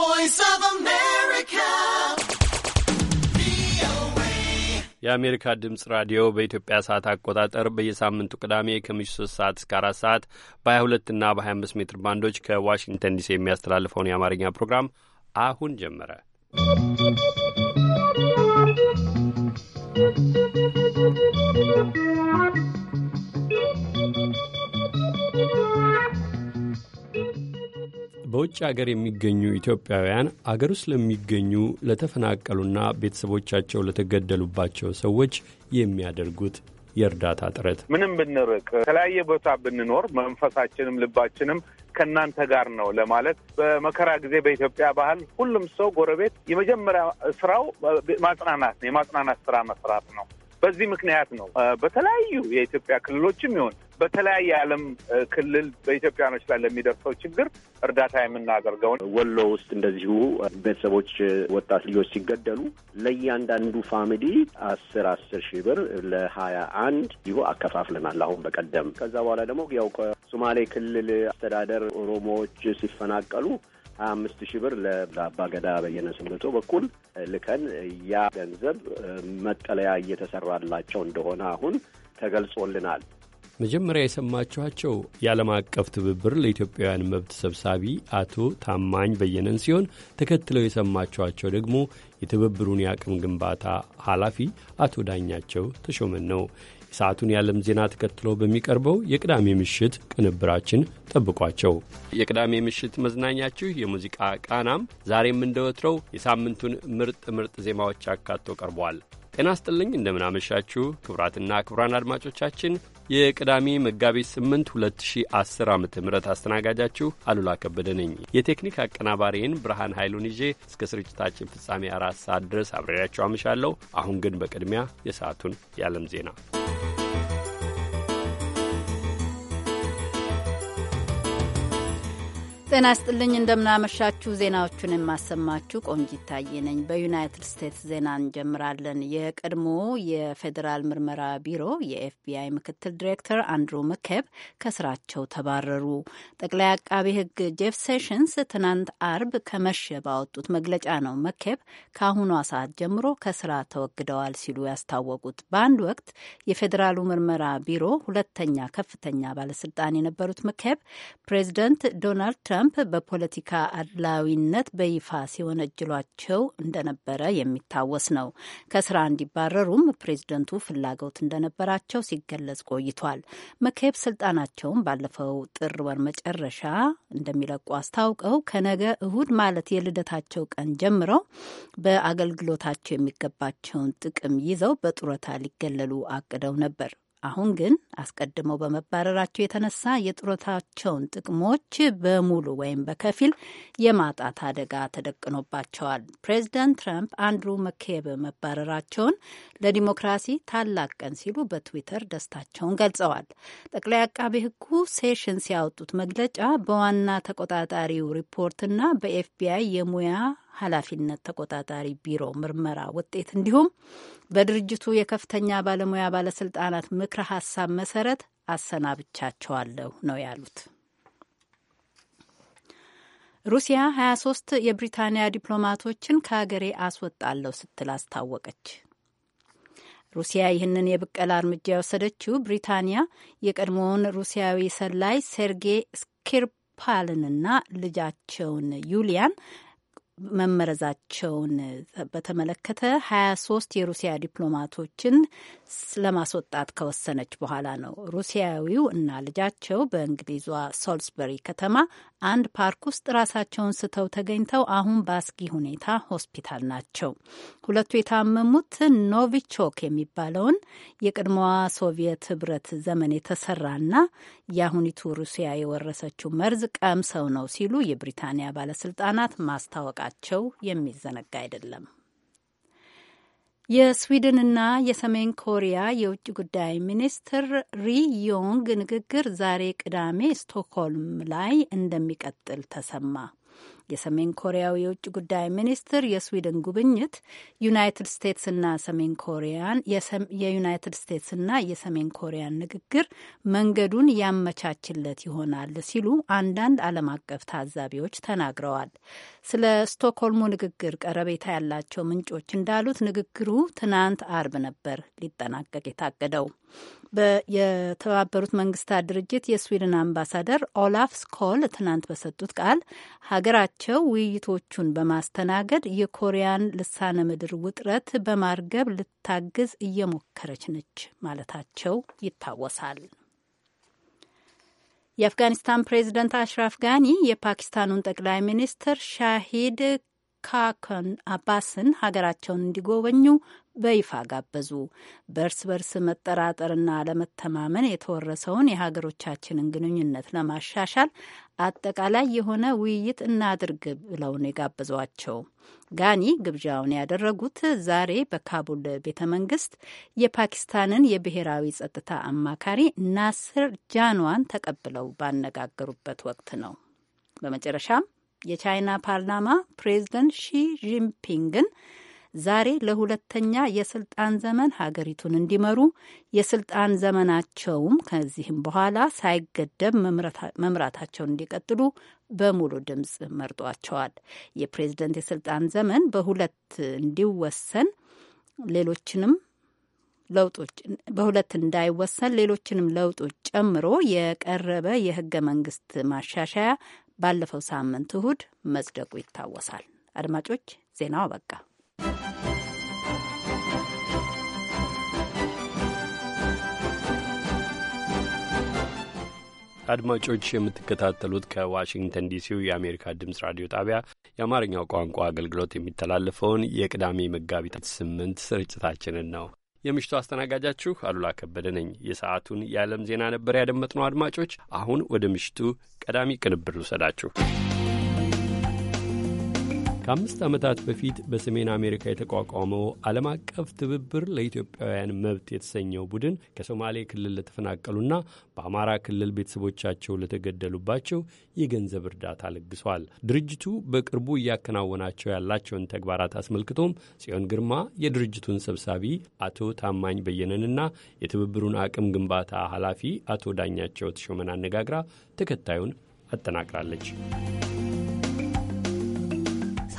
voice of America. የአሜሪካ ድምፅ ራዲዮ በኢትዮጵያ ሰዓት አቆጣጠር በየሳምንቱ ቅዳሜ ከምሽቱ 3 ሰዓት እስከ 4 ሰዓት በ22 እና በ25 ሜትር ባንዶች ከዋሽንግተን ዲሲ የሚያስተላልፈውን የአማርኛ ፕሮግራም አሁን ጀመረ። በውጭ አገር የሚገኙ ኢትዮጵያውያን አገር ውስጥ ለሚገኙ ለተፈናቀሉና ቤተሰቦቻቸው ለተገደሉባቸው ሰዎች የሚያደርጉት የእርዳታ ጥረት ምንም ብንርቅ የተለያየ ቦታ ብንኖር መንፈሳችንም ልባችንም ከእናንተ ጋር ነው ለማለት በመከራ ጊዜ በኢትዮጵያ ባህል ሁሉም ሰው ጎረቤት የመጀመሪያ ስራው ማጽናናት ነው። የማጽናናት ስራ መስራት ነው። በዚህ ምክንያት ነው በተለያዩ የኢትዮጵያ ክልሎችም ይሆን በተለያየ የዓለም ክልል በኢትዮጵያኖች ላይ ለሚደርሰው ችግር እርዳታ የምናደርገውን። ወሎ ውስጥ እንደዚሁ ቤተሰቦች ወጣት ልጆች ሲገደሉ ለእያንዳንዱ ፋሚሊ አስር አስር ሺህ ብር ለሀያ አንድ ይሁ አከፋፍለናል። አሁን በቀደም ከዛ በኋላ ደግሞ ያው ከሶማሌ ክልል አስተዳደር ኦሮሞዎች ሲፈናቀሉ ሀያ አምስት ሺህ ብር ገዳ በየነ ስምጡ በኩል ልከን ያ ገንዘብ መጠለያ እየተሰራላቸው እንደሆነ አሁን ተገልጾልናል። መጀመሪያ የሰማችኋቸው የዓለም አቀፍ ትብብር ለኢትዮጵያውያን መብት ሰብሳቢ አቶ ታማኝ በየነን ሲሆን ተከትለው የሰማችኋቸው ደግሞ የትብብሩን የአቅም ግንባታ ኃላፊ አቶ ዳኛቸው ተሾመን ነው። የሰዓቱን የዓለም ዜና ተከትሎ በሚቀርበው የቅዳሜ ምሽት ቅንብራችን ጠብቋቸው። የቅዳሜ ምሽት መዝናኛችሁ የሙዚቃ ቃናም ዛሬም እንደወትረው የሳምንቱን ምርጥ ምርጥ ዜማዎች አካቶ ቀርቧል። ጤና ስጥልኝ እንደምናመሻችሁ ክቡራትና ክቡራን አድማጮቻችን የቅዳሜ መጋቢት 8 2010 ዓ ም አስተናጋጃችሁ አሉላ ከበደ ነኝ። የቴክኒክ አቀናባሪን ብርሃን ኃይሉን ይዤ እስከ ስርጭታችን ፍጻሜ አራት ሰዓት ድረስ አብሬያችሁ አመሻለሁ። አሁን ግን በቅድሚያ የሰዓቱን የዓለም ዜና ጤና ስጥልኝ። እንደምናመሻችሁ። ዜናዎቹን የማሰማችሁ ቆንጅ ይታየ ነኝ። በዩናይትድ ስቴትስ ዜና እንጀምራለን። የቀድሞ የፌዴራል ምርመራ ቢሮ የኤፍቢአይ ምክትል ዲሬክተር አንድሮ መኬብ ከስራቸው ተባረሩ። ጠቅላይ አቃቢ ሕግ ጄፍ ሴሽንስ ትናንት አርብ ከመሸ ባወጡት መግለጫ ነው መኬብ ከአሁኗ ሰዓት ጀምሮ ከስራ ተወግደዋል ሲሉ ያስታወቁት። በአንድ ወቅት የፌዴራሉ ምርመራ ቢሮ ሁለተኛ ከፍተኛ ባለስልጣን የነበሩት መኬብ ፕሬዚደንት ዶናልድ ትራምፕ ትራምፕ በፖለቲካ አድላዊነት በይፋ ሲወነጅሏቸው እንደነበረ የሚታወስ ነው። ከስራ እንዲባረሩም ፕሬዝደንቱ ፍላጎት እንደነበራቸው ሲገለጽ ቆይቷል። መካሄብ ስልጣናቸውን ባለፈው ጥር ወር መጨረሻ እንደሚለቁ አስታውቀው ከነገ እሁድ ማለት የልደታቸው ቀን ጀምረው በአገልግሎታቸው የሚገባቸውን ጥቅም ይዘው በጡረታ ሊገለሉ አቅደው ነበር። አሁን ግን አስቀድመው በመባረራቸው የተነሳ የጡረታቸውን ጥቅሞች በሙሉ ወይም በከፊል የማጣት አደጋ ተደቅኖባቸዋል። ፕሬዚዳንት ትራምፕ አንድሩ መኬብ መባረራቸውን ለዲሞክራሲ ታላቅ ቀን ሲሉ በትዊተር ደስታቸውን ገልጸዋል። ጠቅላይ አቃቤ ሕጉ ሴሽንስ ያወጡት መግለጫ በዋና ተቆጣጣሪው ሪፖርትና በኤፍቢአይ የሙያ ኃላፊነት ተቆጣጣሪ ቢሮ ምርመራ ውጤት እንዲሁም በድርጅቱ የከፍተኛ ባለሙያ ባለስልጣናት ምክረ ሀሳብ መሰረት አሰናብቻቸዋለሁ ነው ያሉት። ሩሲያ 23 የብሪታንያ ዲፕሎማቶችን ከሀገሬ አስወጣለሁ ስትል አስታወቀች። ሩሲያ ይህንን የብቀላ እርምጃ የወሰደችው ብሪታንያ የቀድሞውን ሩሲያዊ ሰላይ ሴርጌይ ስኪርፓልንና ልጃቸውን ዩሊያን መመረዛቸውን በተመለከተ 23 የሩሲያ ዲፕሎማቶችን ለማስወጣት ከወሰነች በኋላ ነው። ሩሲያዊው እና ልጃቸው በእንግሊዟ ሶልስበሪ ከተማ አንድ ፓርክ ውስጥ ራሳቸውን ስተው ተገኝተው አሁን በአስጊ ሁኔታ ሆስፒታል ናቸው። ሁለቱ የታመሙት ኖቪቾክ የሚባለውን የቅድሞዋ ሶቪየት ህብረት ዘመን የተሰራና የአሁኒቱ ሩሲያ የወረሰችው መርዝ ቀምሰው ነው ሲሉ የብሪታንያ ባለስልጣናት ማስታወቃቸው የሚዘነጋ አይደለም። የስዊድንና የሰሜን ኮሪያ የውጭ ጉዳይ ሚኒስትር ሪ ዮንግ ንግግር ዛሬ ቅዳሜ ስቶክሆልም ላይ እንደሚቀጥል ተሰማ። የሰሜን ኮሪያው የውጭ ጉዳይ ሚኒስትር የስዊድን ጉብኝት ዩናይትድ ስቴትስና ሰሜን ኮሪያን የዩናይትድ ስቴትስና የሰሜን ኮሪያን ንግግር መንገዱን ያመቻችለት ይሆናል ሲሉ አንዳንድ ዓለም አቀፍ ታዛቢዎች ተናግረዋል። ስለ ስቶክሆልሙ ንግግር ቀረቤታ ያላቸው ምንጮች እንዳሉት ንግግሩ ትናንት አርብ ነበር ሊጠናቀቅ የታቀደው። የተባበሩት መንግስታት ድርጅት የስዊድን አምባሳደር ኦላፍ ስኮል ትናንት በሰጡት ቃል ሀገራቸው በመሆናቸው ውይይቶቹን በማስተናገድ የኮሪያን ልሳነ ምድር ውጥረት በማርገብ ልታግዝ እየሞከረች ነች ማለታቸው ይታወሳል። የአፍጋኒስታን ፕሬዚደንት አሽራፍ ጋኒ የፓኪስታኑን ጠቅላይ ሚኒስትር ሻሂድ ካከን አባስን ሀገራቸውን እንዲጎበኙ በይፋ ጋበዙ። በእርስ በርስ መጠራጠርና አለመተማመን የተወረሰውን የሀገሮቻችንን ግንኙነት ለማሻሻል አጠቃላይ የሆነ ውይይት እናድርግ ብለው ነው የጋበዟቸው። ጋኒ ግብዣውን ያደረጉት ዛሬ በካቡል ቤተ መንግስት የፓኪስታንን የብሔራዊ ጸጥታ አማካሪ ናስር ጃንዋን ተቀብለው ባነጋገሩበት ወቅት ነው። በመጨረሻም የቻይና ፓርላማ ፕሬዝደንት ሺ ጂንፒንግን ዛሬ ለሁለተኛ የስልጣን ዘመን ሀገሪቱን እንዲመሩ የስልጣን ዘመናቸውም ከዚህም በኋላ ሳይገደብ መምራታቸውን እንዲቀጥሉ በሙሉ ድምፅ መርጧቸዋል። የፕሬዝደንት የስልጣን ዘመን በሁለት እንዲወሰን ሌሎችንም ለውጦች በሁለት እንዳይወሰን ሌሎችንም ለውጦች ጨምሮ የቀረበ የህገ መንግስት ማሻሻያ ባለፈው ሳምንት እሁድ መጽደቁ ይታወሳል። አድማጮች፣ ዜናው አበቃ። አድማጮች የምትከታተሉት ከዋሽንግተን ዲሲው የአሜሪካ ድምጽ ራዲዮ ጣቢያ የአማርኛው ቋንቋ አገልግሎት የሚተላለፈውን የቅዳሜ መጋቢት ስምንት ስርጭታችንን ነው። የምሽቱ አስተናጋጃችሁ አሉላ ከበደ ነኝ። የሰዓቱን የዓለም ዜና ነበር ያደመጥነው። አድማጮች፣ አሁን ወደ ምሽቱ ቀዳሚ ቅንብር ልውሰዳችሁ። ከአምስት ዓመታት በፊት በሰሜን አሜሪካ የተቋቋመው ዓለም አቀፍ ትብብር ለኢትዮጵያውያን መብት የተሰኘው ቡድን ከሶማሌ ክልል ለተፈናቀሉና በአማራ ክልል ቤተሰቦቻቸው ለተገደሉባቸው የገንዘብ እርዳታ ለግሷል። ድርጅቱ በቅርቡ እያከናወናቸው ያላቸውን ተግባራት አስመልክቶም ጽዮን ግርማ የድርጅቱን ሰብሳቢ አቶ ታማኝ በየነንና የትብብሩን አቅም ግንባታ ኃላፊ አቶ ዳኛቸው ተሾመን አነጋግራ ተከታዩን አጠናቅራለች።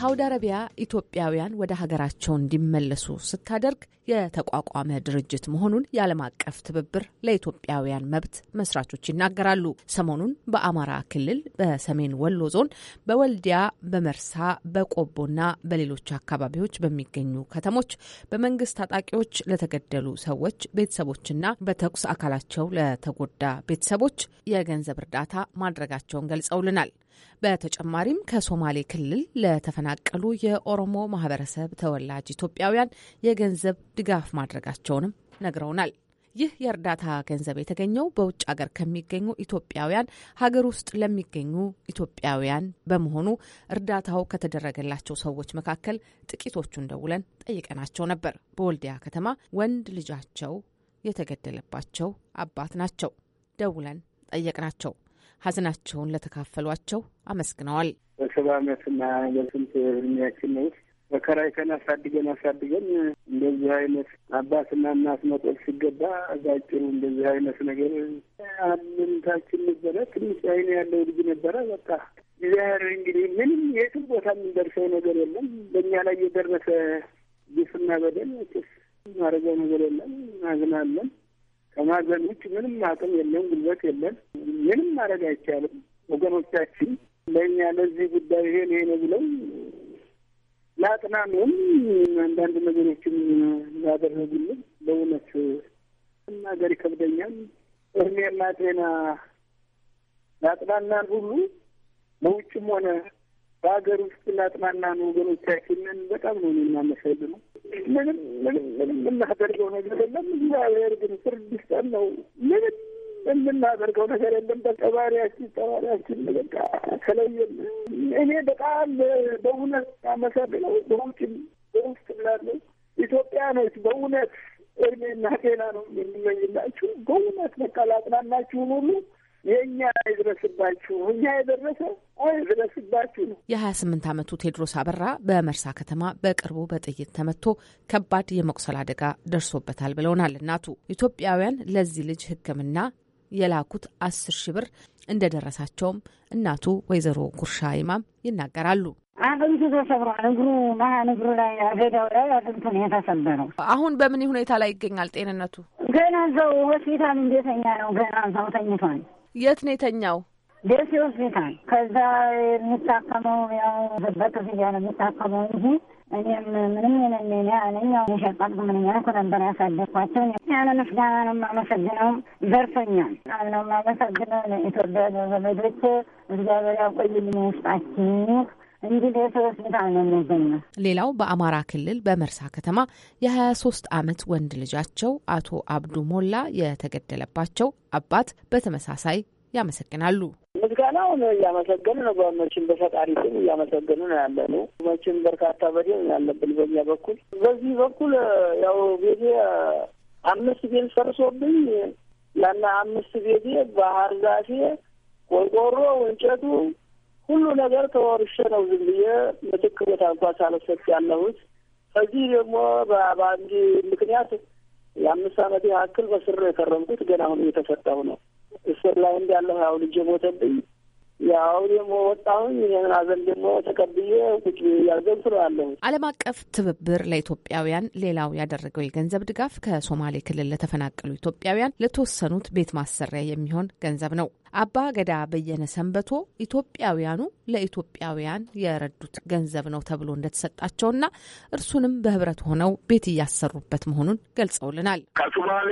ሳውዲ አረቢያ ኢትዮጵያውያን ወደ ሀገራቸው እንዲመለሱ ስታደርግ የተቋቋመ ድርጅት መሆኑን የዓለም አቀፍ ትብብር ለኢትዮጵያውያን መብት መስራቾች ይናገራሉ። ሰሞኑን በአማራ ክልል በሰሜን ወሎ ዞን በወልዲያ፣ በመርሳ፣ በቆቦና በሌሎች አካባቢዎች በሚገኙ ከተሞች በመንግስት ታጣቂዎች ለተገደሉ ሰዎች ቤተሰቦችና በተኩስ አካላቸው ለተጎዳ ቤተሰቦች የገንዘብ እርዳታ ማድረጋቸውን ገልጸውልናል። በተጨማሪም ከሶማሌ ክልል ለተፈናቀሉ የኦሮሞ ማህበረሰብ ተወላጅ ኢትዮጵያውያን የገንዘብ ድጋፍ ማድረጋቸውንም ነግረውናል። ይህ የእርዳታ ገንዘብ የተገኘው በውጭ ሀገር ከሚገኙ ኢትዮጵያውያን ሀገር ውስጥ ለሚገኙ ኢትዮጵያውያን በመሆኑ እርዳታው ከተደረገላቸው ሰዎች መካከል ጥቂቶቹን ደውለን ጠይቀናቸው ነበር። በወልዲያ ከተማ ወንድ ልጃቸው የተገደለባቸው አባት ናቸው። ደውለን ጠየቅናቸው። ሀዘናቸውን ለተካፈሏቸው አመስግነዋል። በሰባ ዓመትና በስንት እድሜያችን ውስጥ በከራይተን አሳድገን አሳድገን እንደዚህ አይነት አባትና እናት መጦር ሲገባ ባጭሩ እንደዚህ አይነት ነገር አምንታችን ነበረ። ትንሽ አይነ ያለው ልጅ ነበረ። በቃ እግዚአብሔር እንግዲህ ምንም የትም ቦታ የምንደርሰው ነገር የለም። በእኛ ላይ የደረሰ ግፍና በደል ማረገው ነገር የለም። አዝናለን። ከማዘን ውጭ ምንም አቅም የለን፣ ጉልበት የለን፣ ምንም ማድረግ አይቻልም። ወገኖቻችን ለእኛ ለዚህ ጉዳይ ይሄን ይሄ ነው ብለው ለአጥናኑም አንዳንድ ነገሮችም ያደረጉልን በእውነት መናገር ይከብደኛል። እድሜና ጤና ለአጥናናን ሁሉ በውጭም ሆነ በሀገር ውስጥ ላጥናናን ወገኖቻችንን በጣም ነው የምናመሰግነው። ምንም ምንም ምንም የምናደርገው ነገር የለም። እግዚአብሔር ግን ፍርድ ይስጠን ነው። ምንም የምናደርገው ነገር የለም። በቀባሪያችን ጠባሪያችን በቃ ተለየን። እኔ በጣም በእውነት አመሰግነው። በውጭም በውስጥ ላለው ኢትዮጵያኖች በእውነት እድሜና ጤና ነው የምመኝላችሁ። በእውነት በቃ ላጥናናችሁን ሁሉ የእኛ የድረስባችሁ እኛ የደረሰ ድረስባችሁ ነው። የሀያ ስምንት አመቱ ቴድሮስ አበራ በመርሳ ከተማ በቅርቡ በጥይት ተመቶ ከባድ የመቁሰል አደጋ ደርሶበታል ብለውናል እናቱ። ኢትዮጵያውያን ለዚህ ልጅ ሕክምና የላኩት አስር ሺ ብር እንደደረሳቸውም እናቱ ወይዘሮ ጉርሻ ይማም ይናገራሉ። አጥንቱ ተሰብሯል። እግሩ መሀል እግሩ ላይ አገዳው ላይ አጥንቱ ነው የተሰበረው። አሁን በምን ሁኔታ ላይ ይገኛል? ጤንነቱ ገና እዛው ሆስፒታል እንደተኛ ነው። ገና እዛው ተኝቷል። የት ነው የተኛው? ደሴ ሆስፒታል። ከዛ የሚታከመው ያው በክፍያ ነው የሚታከመው እንጂ እኔም ምንም የነኔ አለኛው የሸቀጥ ምንኛ ነበር ያሳደግኳቸው። ያለ ምስጋና ነው የማመሰግነው። ዘርፈኛል ነው የማመሰግነው። ኢትዮጵያ ዘመዶች እግዚአብሔር ያቆይልኝ ውስጣችን ሌላው በአማራ ክልል በመርሳ ከተማ የ23 ዓመት ወንድ ልጃቸው አቶ አብዱ ሞላ የተገደለባቸው አባት በተመሳሳይ ያመሰግናሉ። ምስጋናው ነው እያመሰገኑ ነው። በመችን በፈጣሪ ስም እያመሰገኑ ነው ያለ ነው። መችን በርካታ በደል ያለብን በኛ በኩል በዚህ በኩል ያው ቤቴ አምስት ቤት ፈርሶብኝ ያና አምስት ቤቴ ባህር ዛፌ፣ ቆርቆሮ፣ እንጨቱ ሁሉ ነገር ተወርሼ ነው ዝም ብዬ ምትክ ቦታ እንኳ ሳልሰጥ ያለሁት። ከዚህ ደግሞ በአንድ ምክንያት የአምስት ዓመት ያክል በስር የከረምኩት ገና አሁን እየተፈታሁ ነው። እስር ላይ እንዳለሁ ያው ልጄ ሞተብኝ። ያው ደግሞ ወጣሁኝ። ይህንን አዘን ደግሞ ተቀብዬ ቁጭ ያልገብ ስለዋለሁ። ዓለም አቀፍ ትብብር ለኢትዮጵያውያን ሌላው ያደረገው የገንዘብ ድጋፍ ከሶማሌ ክልል ለተፈናቀሉ ኢትዮጵያውያን ለተወሰኑት ቤት ማሰሪያ የሚሆን ገንዘብ ነው። አባ ገዳ በየነ ሰንበቶ ኢትዮጵያውያኑ ለኢትዮጵያውያን የረዱት ገንዘብ ነው ተብሎ እንደተሰጣቸውና እርሱንም በህብረት ሆነው ቤት እያሰሩበት መሆኑን ገልጸውልናል። ከሱማሌ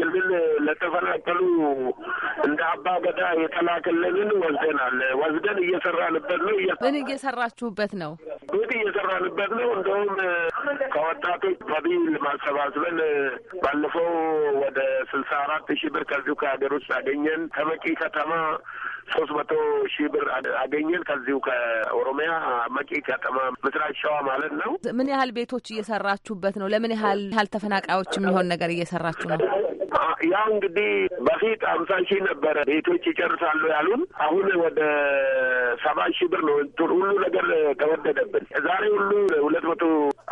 ክልል ለተፈናቀሉ እንደ አባ ገዳ የተላከለንን ወስደናል። ወስደን እየሰራንበት ነው። ምን እየሰራችሁበት ነው? ቤት እየሰራንበት ነው። እንደውም ከወጣቶች ከቢል ማሰባስበን ባለፈው ወደ ስልሳ አራት ሺህ ብር ከዚሁ ከሀገር ውስጥ አገኘን። ከመቂ para ሶስት መቶ ሺህ ብር አገኘን ከዚሁ ከኦሮሚያ መቂ ከተማ ምስራቅ ሸዋ ማለት ነው። ምን ያህል ቤቶች እየሰራችሁበት ነው? ለምን ያህል ያህል ተፈናቃዮች የሚሆን ነገር እየሰራችሁ ነው? ያው እንግዲህ በፊት አምሳ ሺህ ነበረ ቤቶች ይጨርሳሉ ያሉን። አሁን ወደ ሰባ ሺህ ብር ነው። ሁሉ ነገር ተወደደብን። ዛሬ ሁሉ ሁለት መቶ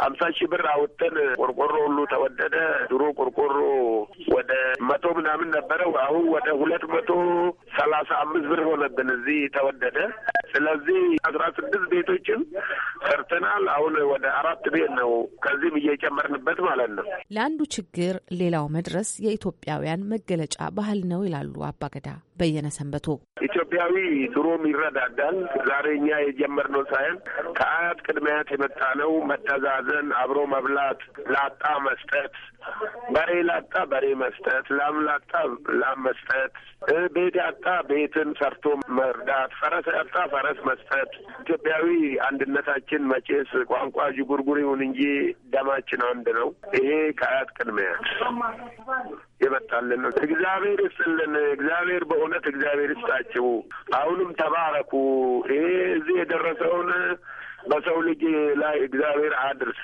አምሳ ሺህ ብር አውጥተን ቆርቆሮ ሁሉ ተወደደ። ድሮ ቆርቆሮ ወደ መቶ ምናምን ነበረ። አሁን ወደ ሁለት መቶ ሰላሳ አምስት ብር ክብር ሆነብን እዚህ ተወደደ። ስለዚህ አስራ ስድስት ቤቶችን ሰርተናል። አሁን ወደ አራት ቤት ነው ከዚህም እየጨመርንበት ማለት ነው። ለአንዱ ችግር ሌላው መድረስ የኢትዮጵያውያን መገለጫ ባህል ነው ይላሉ አባገዳ በየነ ሰንበቶ ኢትዮጵያዊ ድሮም ይረዳዳል። ዛሬ እኛ የጀመርነው ሳይሆን ከአያት ቅድሚያት የመጣ ነው። መተዛዘን፣ አብሮ መብላት፣ ላጣ መስጠት፣ በሬ ላጣ በሬ መስጠት፣ ላም ላጣ ላም መስጠት፣ ቤት ያጣ ቤትን ሰርቶ መርዳት፣ ፈረስ ያጣ ፈረስ መስጠት። ኢትዮጵያዊ አንድነታችን መቼስ ቋንቋ ዥጉርጉር ይሁን እንጂ ደማችን አንድ ነው። ይሄ ከአያት ቅድሚያት የመጣልን ነው። እግዚአብሔር ይስጥልን። እግዚአብሔር በሆ በእውነት እግዚአብሔር ይስጣችሁ። አሁንም ተባረኩ። ይሄ እዚህ የደረሰውን በሰው ልጅ ላይ እግዚአብሔር አድርስ።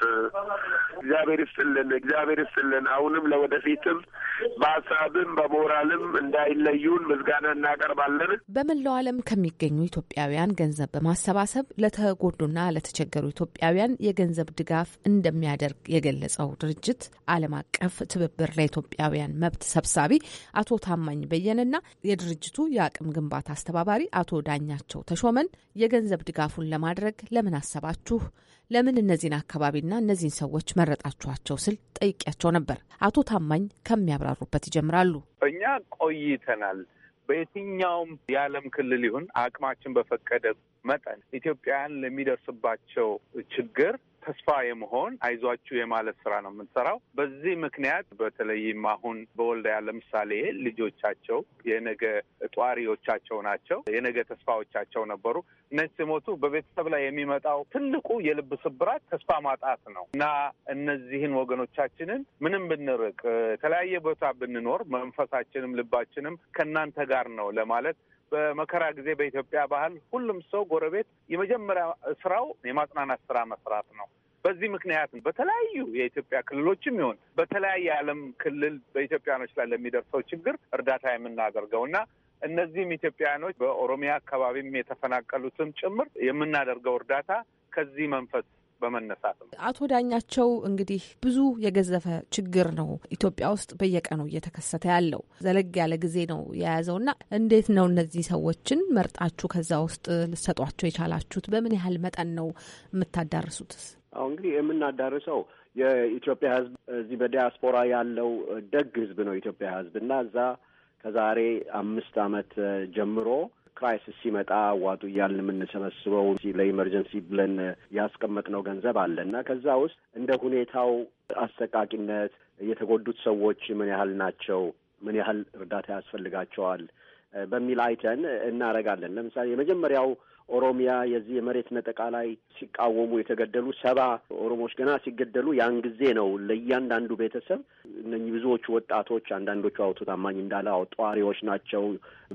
እግዚአብሔር ይስጥልን፣ እግዚአብሔር ይስጥልን። አሁንም ለወደፊትም በሀሳብም በሞራልም እንዳይለዩን ምስጋና እናቀርባለን። በመላው ዓለም ከሚገኙ ኢትዮጵያውያን ገንዘብ በማሰባሰብ ለተጎዱና ለተቸገሩ ኢትዮጵያውያን የገንዘብ ድጋፍ እንደሚያደርግ የገለጸው ድርጅት ዓለም አቀፍ ትብብር ለኢትዮጵያውያን መብት ሰብሳቢ አቶ ታማኝ በየነና የድርጅቱ የአቅም ግንባታ አስተባባሪ አቶ ዳኛቸው ተሾመን የገንዘብ ድጋፉን ለማድረግ ለምን አስ አሰባሰባችሁ? ለምን እነዚህን አካባቢና እነዚህን ሰዎች መረጣችኋቸው ስል ጠይቂያቸው ነበር። አቶ ታማኝ ከሚያብራሩበት ይጀምራሉ። እኛ ቆይተናል። በየትኛውም የዓለም ክልል ይሁን አቅማችን በፈቀደ መጠን ኢትዮጵያውያን ለሚደርስባቸው ችግር ተስፋ የመሆን አይዟችሁ የማለት ስራ ነው የምንሰራው። በዚህ ምክንያት በተለይም አሁን በወልዲያ ለምሳሌ ልጆቻቸው የነገ ጧሪዎቻቸው ናቸው፣ የነገ ተስፋዎቻቸው ነበሩ። እነዚህ ሲሞቱ በቤተሰብ ላይ የሚመጣው ትልቁ የልብ ስብራት ተስፋ ማጣት ነው እና እነዚህን ወገኖቻችንን ምንም ብንርቅ፣ የተለያየ ቦታ ብንኖር መንፈሳችንም ልባችንም ከእናንተ ጋር ነው ለማለት በመከራ ጊዜ በኢትዮጵያ ባህል ሁሉም ሰው ጎረቤት የመጀመሪያ ስራው የማጽናናት ስራ መስራት ነው። በዚህ ምክንያት በተለያዩ የኢትዮጵያ ክልሎችም ይሁን በተለያየ አለም ክልል በኢትዮጵያኖች ላይ ለሚደርሰው ችግር እርዳታ የምናደርገው እና እነዚህም ኢትዮጵያኖች በኦሮሚያ አካባቢም የተፈናቀሉትም ጭምር የምናደርገው እርዳታ ከዚህ መንፈስ በመነሳት ነው። አቶ ዳኛቸው እንግዲህ ብዙ የገዘፈ ችግር ነው ኢትዮጵያ ውስጥ በየቀኑ እየተከሰተ ያለው ዘለግ ያለ ጊዜ ነው የያዘውና እንዴት ነው እነዚህ ሰዎችን መርጣችሁ ከዛ ውስጥ ልሰጧቸው የቻላችሁት? በምን ያህል መጠን ነው የምታዳርሱትስ? አሁ እንግዲህ የምናዳርሰው የኢትዮጵያ ሕዝብ እዚህ በዲያስፖራ ያለው ደግ ሕዝብ ነው። ኢትዮጵያ ሕዝብ እና እዛ ከዛሬ አምስት ዓመት ጀምሮ ክራይሲስ ሲመጣ ዋጡ እያልን የምንሰበስበው ለኢመርጀንሲ ብለን ያስቀመጥነው ገንዘብ አለ እና ከዛ ውስጥ እንደ ሁኔታው አሰቃቂነት የተጎዱት ሰዎች ምን ያህል ናቸው፣ ምን ያህል እርዳታ ያስፈልጋቸዋል በሚል አይተን እናደርጋለን። ለምሳሌ የመጀመሪያው ኦሮሚያ የዚህ የመሬት ነጠቃ ላይ ሲቃወሙ የተገደሉ ሰባ ኦሮሞዎች ገና ሲገደሉ ያን ጊዜ ነው ለእያንዳንዱ ቤተሰብ እነኚህ ብዙዎቹ ወጣቶች አንዳንዶቹ አውቶ ታማኝ እንዳለ ጠዋሪዎች ናቸው።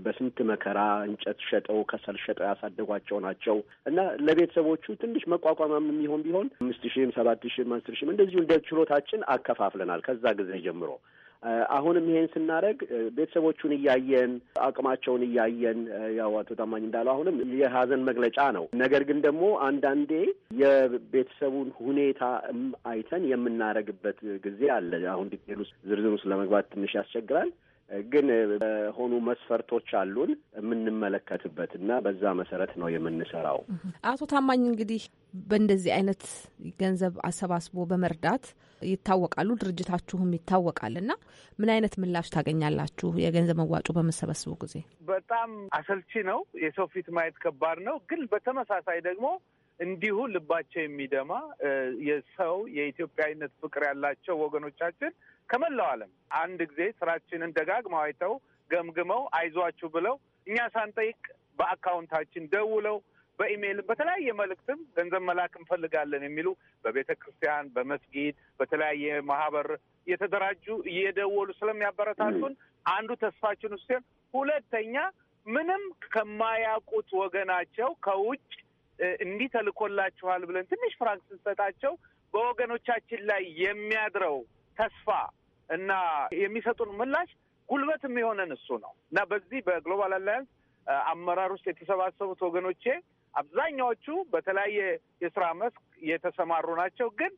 በስንት መከራ እንጨት ሸጠው ከሰል ሸጠው ያሳደጓቸው ናቸው እና ለቤተሰቦቹ ትንሽ መቋቋሚያም የሚሆን ቢሆን አምስት ሺህም ሰባት ሺህም አስር ሺህም እንደዚሁ እንደ ችሎታችን አከፋፍለናል ከዛ ጊዜ ጀምሮ አሁንም ይሄን ስናደርግ ቤተሰቦቹን እያየን አቅማቸውን እያየን ያው አቶ ታማኝ እንዳለው አሁንም የሀዘን መግለጫ ነው። ነገር ግን ደግሞ አንዳንዴ የቤተሰቡን ሁኔታ አይተን የምናደርግበት ጊዜ አለ። አሁን ዲቴል ውስጥ ዝርዝር ውስጥ ለመግባት ትንሽ ያስቸግራል። ግን በሆኑ መስፈርቶች አሉን የምንመለከትበት እና በዛ መሰረት ነው የምንሰራው። አቶ ታማኝ እንግዲህ በእንደዚህ አይነት ገንዘብ አሰባስቦ በመርዳት ይታወቃሉ፣ ድርጅታችሁም ይታወቃል እና ምን አይነት ምላሽ ታገኛላችሁ? የገንዘብ መዋጮ በምሰበስቡ ጊዜ በጣም አሰልቺ ነው። የሰው ፊት ማየት ከባድ ነው። ግን በተመሳሳይ ደግሞ እንዲሁ ልባቸው የሚደማ የሰው የኢትዮጵያዊነት ፍቅር ያላቸው ወገኖቻችን ከመላው ዓለም አንድ ጊዜ ስራችንን ደጋግመው አይተው ገምግመው አይዟችሁ ብለው እኛ ሳንጠይቅ በአካውንታችን ደውለው በኢሜይልም በተለያየ መልእክትም ገንዘብ መላክ እንፈልጋለን የሚሉ በቤተ ክርስቲያን፣ በመስጊድ፣ በተለያየ ማህበር የተደራጁ እየደወሉ ስለሚያበረታቱን አንዱ ተስፋችን ውስ ሲሆን፣ ሁለተኛ ምንም ከማያውቁት ወገናቸው ከውጭ እንዲህ ተልኮላችኋል ብለን ትንሽ ፍራንክ ስንሰጣቸው በወገኖቻችን ላይ የሚያድረው ተስፋ እና የሚሰጡን ምላሽ ጉልበት የሚሆነን እሱ ነው እና በዚህ በግሎባል አላያንስ አመራር ውስጥ የተሰባሰቡት ወገኖቼ አብዛኛዎቹ በተለያየ የስራ መስክ የተሰማሩ ናቸው። ግን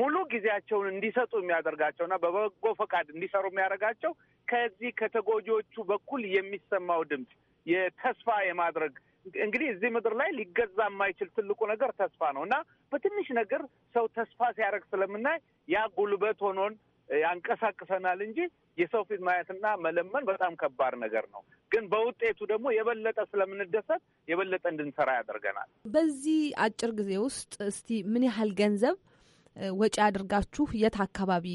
ሙሉ ጊዜያቸውን እንዲሰጡ የሚያደርጋቸውና በበጎ ፈቃድ እንዲሰሩ የሚያደርጋቸው ከዚህ ከተጎጂዎቹ በኩል የሚሰማው ድምፅ የተስፋ የማድረግ እንግዲህ እዚህ ምድር ላይ ሊገዛ የማይችል ትልቁ ነገር ተስፋ ነው እና በትንሽ ነገር ሰው ተስፋ ሲያደርግ ስለምናይ ያ ጉልበት ሆኖን ያንቀሳቅሰናል እንጂ የሰው ፊት ማየትና መለመን በጣም ከባድ ነገር ነው። ግን በውጤቱ ደግሞ የበለጠ ስለምንደሰት የበለጠ እንድንሰራ ያደርገናል። በዚህ አጭር ጊዜ ውስጥ እስቲ ምን ያህል ገንዘብ ወጪ አድርጋችሁ የት አካባቢ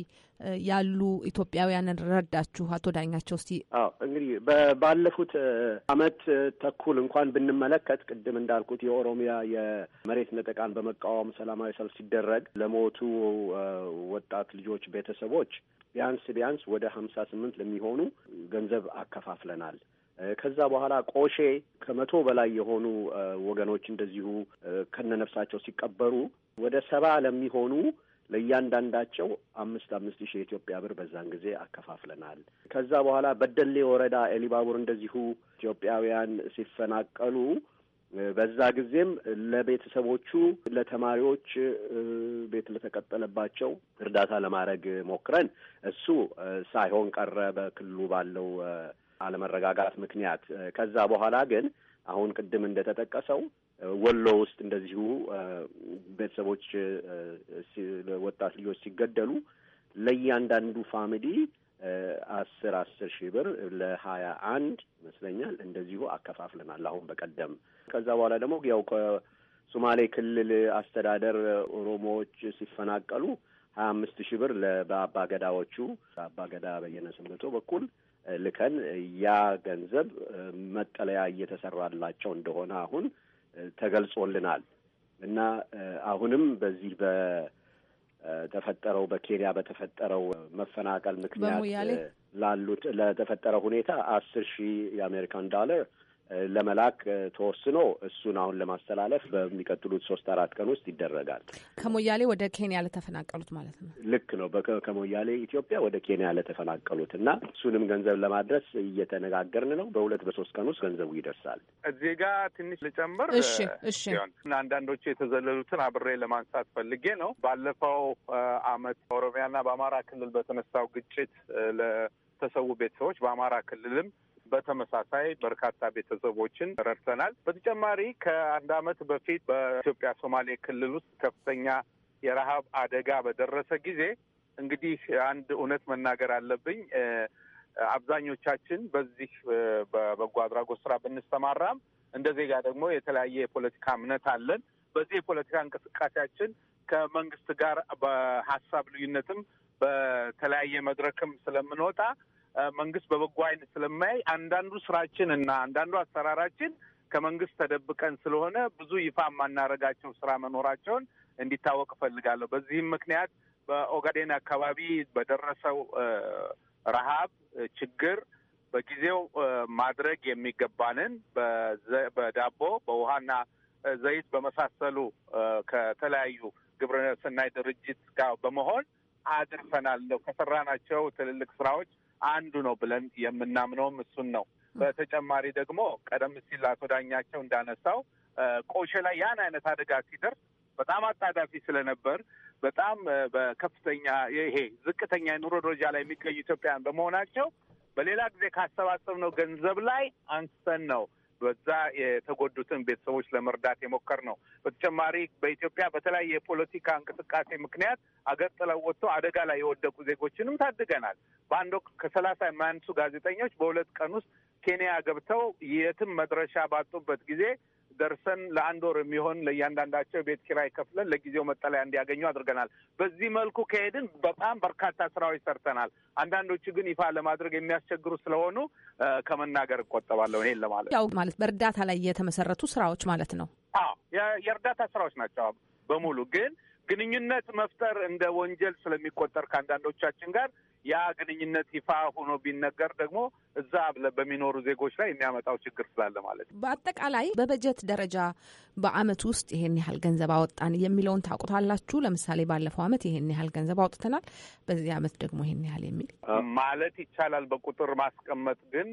ያሉ ኢትዮጵያውያንን ረዳችሁ? አቶ ዳኛቸው እስቲ። አዎ እንግዲህ ባለፉት አመት ተኩል እንኳን ብንመለከት ቅድም እንዳልኩት የኦሮሚያ የመሬት ነጠቃን በመቃወም ሰላማዊ ሰልፍ ሲደረግ ለሞቱ ወጣት ልጆች ቤተሰቦች ቢያንስ ቢያንስ ወደ ሀምሳ ስምንት ለሚሆኑ ገንዘብ አከፋፍለናል። ከዛ በኋላ ቆሼ ከመቶ በላይ የሆኑ ወገኖች እንደዚሁ ከነነፍሳቸው ሲቀበሩ ወደ ሰባ ለሚሆኑ ለእያንዳንዳቸው አምስት አምስት ሺህ የኢትዮጵያ ብር በዛን ጊዜ አከፋፍለናል። ከዛ በኋላ በደሌ ወረዳ ኤሊባቡር እንደዚሁ ኢትዮጵያውያን ሲፈናቀሉ በዛ ጊዜም ለቤተሰቦቹ፣ ለተማሪዎች ቤት ለተቀጠለባቸው እርዳታ ለማድረግ ሞክረን እሱ ሳይሆን ቀረ በክልሉ ባለው አለመረጋጋት ምክንያት። ከዛ በኋላ ግን አሁን ቅድም እንደተጠቀሰው ወሎ ውስጥ እንደዚሁ ቤተሰቦች ወጣት ልጆች ሲገደሉ ለእያንዳንዱ ፋሚሊ አስር አስር ሺህ ብር ለሀያ አንድ ይመስለኛል እንደዚሁ አከፋፍለናል። አሁን በቀደም ከዛ በኋላ ደግሞ ያው ከሶማሌ ክልል አስተዳደር ኦሮሞዎች ሲፈናቀሉ ሀያ አምስት ሺህ ብር በአባ ገዳዎቹ ገዳ በየነ በኩል ልከን ያ ገንዘብ መጠለያ እየተሰራላቸው እንደሆነ አሁን ተገልጾልናል እና አሁንም በዚህ በተፈጠረው በኬንያ በተፈጠረው መፈናቀል ምክንያት ላሉት ለተፈጠረው ሁኔታ አስር ሺህ የአሜሪካን ዳለር ለመላክ ተወስኖ እሱን አሁን ለማስተላለፍ በሚቀጥሉት ሶስት አራት ቀን ውስጥ ይደረጋል። ከሞያሌ ወደ ኬንያ ለተፈናቀሉት ማለት ነው። ልክ ነው። ከሞያሌ ኢትዮጵያ ወደ ኬንያ ለተፈናቀሉት እና እሱንም ገንዘብ ለማድረስ እየተነጋገርን ነው። በሁለት በሶስት ቀን ውስጥ ገንዘቡ ይደርሳል። እዚህ ጋ ትንሽ ልጨምር። እሺ፣ እሺ። አንዳንዶቹ የተዘለሉትን አብሬ ለማንሳት ፈልጌ ነው። ባለፈው አመት በኦሮሚያና በአማራ ክልል በተነሳው ግጭት ለተሰዉ ቤተሰቦች በአማራ ክልልም በተመሳሳይ በርካታ ቤተሰቦችን ረድተናል። በተጨማሪ ከአንድ አመት በፊት በኢትዮጵያ ሶማሌ ክልል ውስጥ ከፍተኛ የረሃብ አደጋ በደረሰ ጊዜ እንግዲህ አንድ እውነት መናገር አለብኝ። አብዛኞቻችን በዚህ በበጎ አድራጎት ስራ ብንሰማራም እንደ ዜጋ ደግሞ የተለያየ የፖለቲካ እምነት አለን። በዚህ የፖለቲካ እንቅስቃሴያችን ከመንግስት ጋር በሀሳብ ልዩነትም በተለያየ መድረክም ስለምንወጣ መንግስት በበጎ አይን ስለማያይ አንዳንዱ ስራችን እና አንዳንዱ አሰራራችን ከመንግስት ተደብቀን ስለሆነ ብዙ ይፋ የማናረጋቸው ስራ መኖራቸውን እንዲታወቅ እፈልጋለሁ። በዚህም ምክንያት በኦጋዴን አካባቢ በደረሰው ረሃብ ችግር በጊዜው ማድረግ የሚገባንን በዳቦ በውሃና ዘይት በመሳሰሉ ከተለያዩ ግብረ ድርጅት ጋር በመሆን አድርሰናል። ከሰራናቸው ትልልቅ ስራዎች አንዱ ነው ብለን የምናምነውም እሱን ነው። በተጨማሪ ደግሞ ቀደም ሲል አቶ ዳኛቸው እንዳነሳው ቆሼ ላይ ያን አይነት አደጋ ሲደርስ በጣም አጣዳፊ ስለነበር በጣም በከፍተኛ ይሄ ዝቅተኛ የኑሮ ደረጃ ላይ የሚገኙ ኢትዮጵያውያን በመሆናቸው በሌላ ጊዜ ካሰባሰብነው ገንዘብ ላይ አንስተን ነው በዛ የተጎዱትን ቤተሰቦች ለመርዳት የሞከር ነው። በተጨማሪ በኢትዮጵያ በተለያየ የፖለቲካ እንቅስቃሴ ምክንያት አገር ጥለው ወጥቶ አደጋ ላይ የወደቁ ዜጎችንም ታድገናል። በአንድ ወቅት ከሰላሳ የማያንሱ ጋዜጠኞች በሁለት ቀን ውስጥ ኬንያ ገብተው የትም መድረሻ ባጡበት ጊዜ ደርሰን ለአንድ ወር የሚሆን ለእያንዳንዳቸው ቤት ኪራይ ከፍለን ለጊዜው መጠለያ እንዲያገኙ አድርገናል። በዚህ መልኩ ከሄድን በጣም በርካታ ስራዎች ሰርተናል። አንዳንዶቹ ግን ይፋ ለማድረግ የሚያስቸግሩ ስለሆኑ ከመናገር እቆጠባለሁ። እኔን ለማለት ያው ማለት በእርዳታ ላይ የተመሰረቱ ስራዎች ማለት ነው። የእርዳታ ስራዎች ናቸው በሙሉ ግን ግንኙነት መፍጠር እንደ ወንጀል ስለሚቆጠር ከአንዳንዶቻችን ጋር ያ ግንኙነት ይፋ ሆኖ ቢነገር ደግሞ እዛ በሚኖሩ ዜጎች ላይ የሚያመጣው ችግር ስላለ ማለት ነው። በአጠቃላይ በበጀት ደረጃ በአመት ውስጥ ይሄን ያህል ገንዘብ አወጣን የሚለውን ታውቁታላችሁ? ለምሳሌ ባለፈው ዓመት ይሄን ያህል ገንዘብ አውጥተናል፣ በዚህ አመት ደግሞ ይሄን ያህል የሚል ማለት ይቻላል። በቁጥር ማስቀመጥ ግን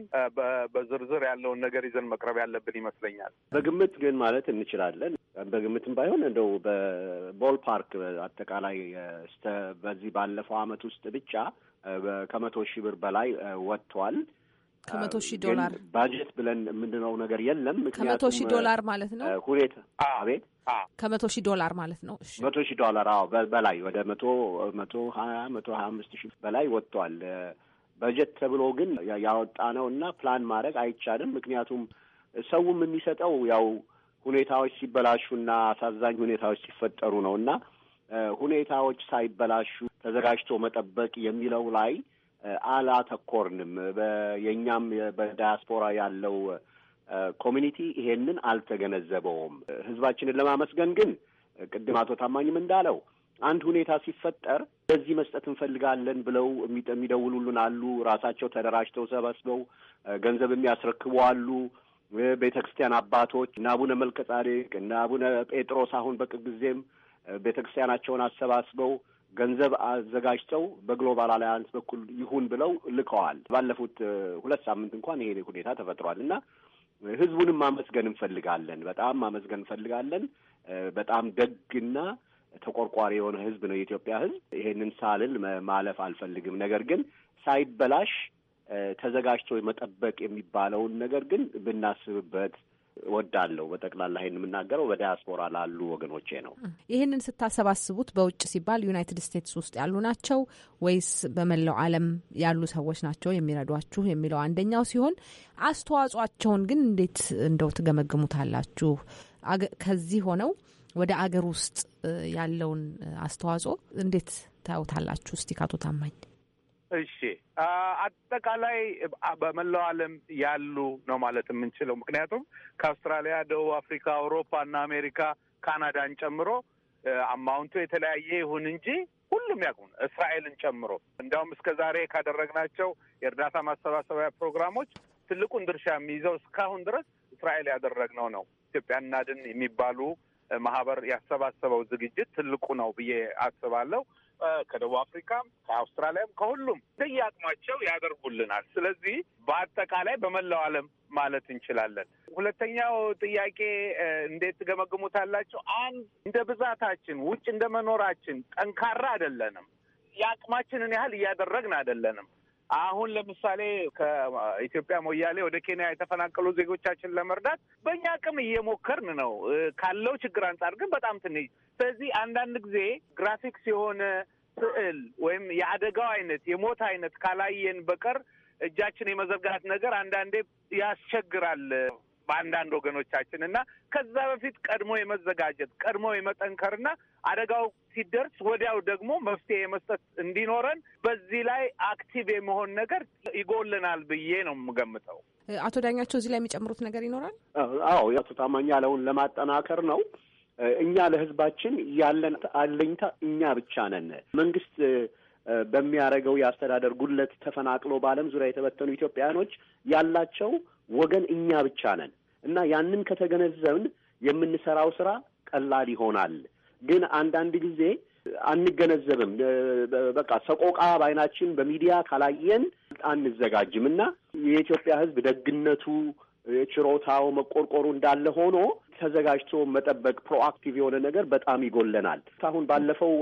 በዝርዝር ያለውን ነገር ይዘን መቅረብ ያለብን ይመስለኛል። በግምት ግን ማለት እንችላለን። በግምትም ባይሆን እንደው በቦል ፓርክ አጠቃላይ በዚህ ባለፈው አመት ውስጥ ብቻ ከመቶ ሺህ ብር በላይ ወጥቷል። ከመቶ ሺህ ዶላር ባጀት ብለን የምንለው ነገር የለም። ከመቶ ሺህ ዶላር ማለት ነው ሁኔታ አቤት፣ ከመቶ ሺህ ዶላር ማለት ነው መቶ ሺህ ዶላር አዎ፣ በላይ ወደ መቶ መቶ ሀያ መቶ ሀያ አምስት ሺህ በላይ ወጥቷል። በጀት ተብሎ ግን ያወጣ ነው እና ፕላን ማድረግ አይቻልም። ምክንያቱም ሰውም የሚሰጠው ያው ሁኔታዎች ሲበላሹና አሳዛኝ ሁኔታዎች ሲፈጠሩ ነው እና ሁኔታዎች ሳይበላሹ ተዘጋጅቶ መጠበቅ የሚለው ላይ አላተኮርንም። የእኛም በዳያስፖራ ያለው ኮሚኒቲ ይሄንን አልተገነዘበውም። ህዝባችንን ለማመስገን ግን ቅድም አቶ ታማኝም እንዳለው አንድ ሁኔታ ሲፈጠር በዚህ መስጠት እንፈልጋለን ብለው የሚደውሉልን አሉ። ራሳቸው ተደራጅተው ሰበስበው ገንዘብ የሚያስረክቡ አሉ። ቤተ ክርስቲያን አባቶች እነ አቡነ መልከ ጻድቅ እነ አቡነ ጴጥሮስ አሁን በቅርብ ጊዜም ቤተ ክርስቲያናቸውን አሰባስበው ገንዘብ አዘጋጅተው በግሎባል አላያንስ በኩል ይሁን ብለው ልከዋል። ባለፉት ሁለት ሳምንት እንኳን ይሄ ሁኔታ ተፈጥሯል እና ህዝቡንም ማመስገን እንፈልጋለን። በጣም ማመስገን እንፈልጋለን። በጣም ደግና ተቆርቋሪ የሆነ ህዝብ ነው የኢትዮጵያ ህዝብ። ይሄንን ሳልል ማለፍ አልፈልግም። ነገር ግን ሳይበላሽ ተዘጋጅቶ መጠበቅ የሚባለውን ነገር ግን ብናስብበት ወዳለው በጠቅላላ ይህን የምናገረው በዲያስፖራ ላሉ ወገኖቼ ነው። ይህንን ስታሰባስቡት በውጭ ሲባል ዩናይትድ ስቴትስ ውስጥ ያሉ ናቸው ወይስ በመላው ዓለም ያሉ ሰዎች ናቸው የሚረዷችሁ የሚለው አንደኛው ሲሆን አስተዋጽኦአቸውን ግን እንዴት እንደው ትገመግሙታላችሁ? ከዚህ ሆነው ወደ አገር ውስጥ ያለውን አስተዋጽኦ እንዴት ታዩታላችሁ? እስቲ ካቶ ታማኝ። እሺ አጠቃላይ በመላው ዓለም ያሉ ነው ማለት የምንችለው። ምክንያቱም ከአውስትራሊያ፣ ደቡብ አፍሪካ፣ አውሮፓ እና አሜሪካ ካናዳን ጨምሮ አማውንቱ የተለያየ ይሁን እንጂ ሁሉም ያቁን እስራኤልን ጨምሮ እንዲያውም እስከ ዛሬ ካደረግናቸው የእርዳታ ማሰባሰቢያ ፕሮግራሞች ትልቁን ድርሻ የሚይዘው እስካሁን ድረስ እስራኤል ያደረግነው ነው። ኢትዮጵያ እናድን የሚባሉ ማህበር ያሰባሰበው ዝግጅት ትልቁ ነው ብዬ አስባለሁ። ከደቡብ አፍሪካም ከአውስትራሊያም ከሁሉም እንደየአቅማቸው ያደርጉልናል። ስለዚህ በአጠቃላይ በመላው ዓለም ማለት እንችላለን። ሁለተኛው ጥያቄ እንዴት ትገመግሙታላችሁ? አንድ እንደ ብዛታችን ውጭ እንደ መኖራችን ጠንካራ አይደለንም። የአቅማችንን ያህል እያደረግን አይደለንም። አሁን ለምሳሌ ከኢትዮጵያ ሞያሌ ወደ ኬንያ የተፈናቀሉ ዜጎቻችን ለመርዳት በእኛ አቅም እየሞከርን ነው። ካለው ችግር አንጻር ግን በጣም ትንሽ ስለዚህ አንዳንድ ጊዜ ግራፊክስ የሆነ ስዕል ወይም የአደጋው አይነት የሞት አይነት ካላየን በቀር እጃችን የመዘርጋት ነገር አንዳንዴ ያስቸግራል በአንዳንድ ወገኖቻችን እና ከዛ በፊት ቀድሞ የመዘጋጀት ቀድሞ የመጠንከርና አደጋው ሲደርስ ወዲያው ደግሞ መፍትሄ የመስጠት እንዲኖረን በዚህ ላይ አክቲቭ የመሆን ነገር ይጎልናል ብዬ ነው የምገምተው። አቶ ዳኛቸው እዚህ ላይ የሚጨምሩት ነገር ይኖራል? አዎ፣ አቶ ታማኝ ያለውን ለማጠናከር ነው። እኛ ለህዝባችን ያለን አለኝታ እኛ ብቻ ነን። መንግስት በሚያደርገው የአስተዳደር ጉድለት ተፈናቅሎ በዓለም ዙሪያ የተበተኑ ኢትዮጵያውያኖች ያላቸው ወገን እኛ ብቻ ነን እና ያንን ከተገነዘብን የምንሰራው ስራ ቀላል ይሆናል። ግን አንዳንድ ጊዜ አንገነዘብም። በቃ ሰቆቃ በአይናችን በሚዲያ ካላየን አንዘጋጅም እና የኢትዮጵያ ህዝብ ደግነቱ፣ ችሮታው፣ መቆርቆሩ እንዳለ ሆኖ ተዘጋጅቶ መጠበቅ ፕሮአክቲቭ የሆነ ነገር በጣም ይጎለናል። አሁን ባለፈው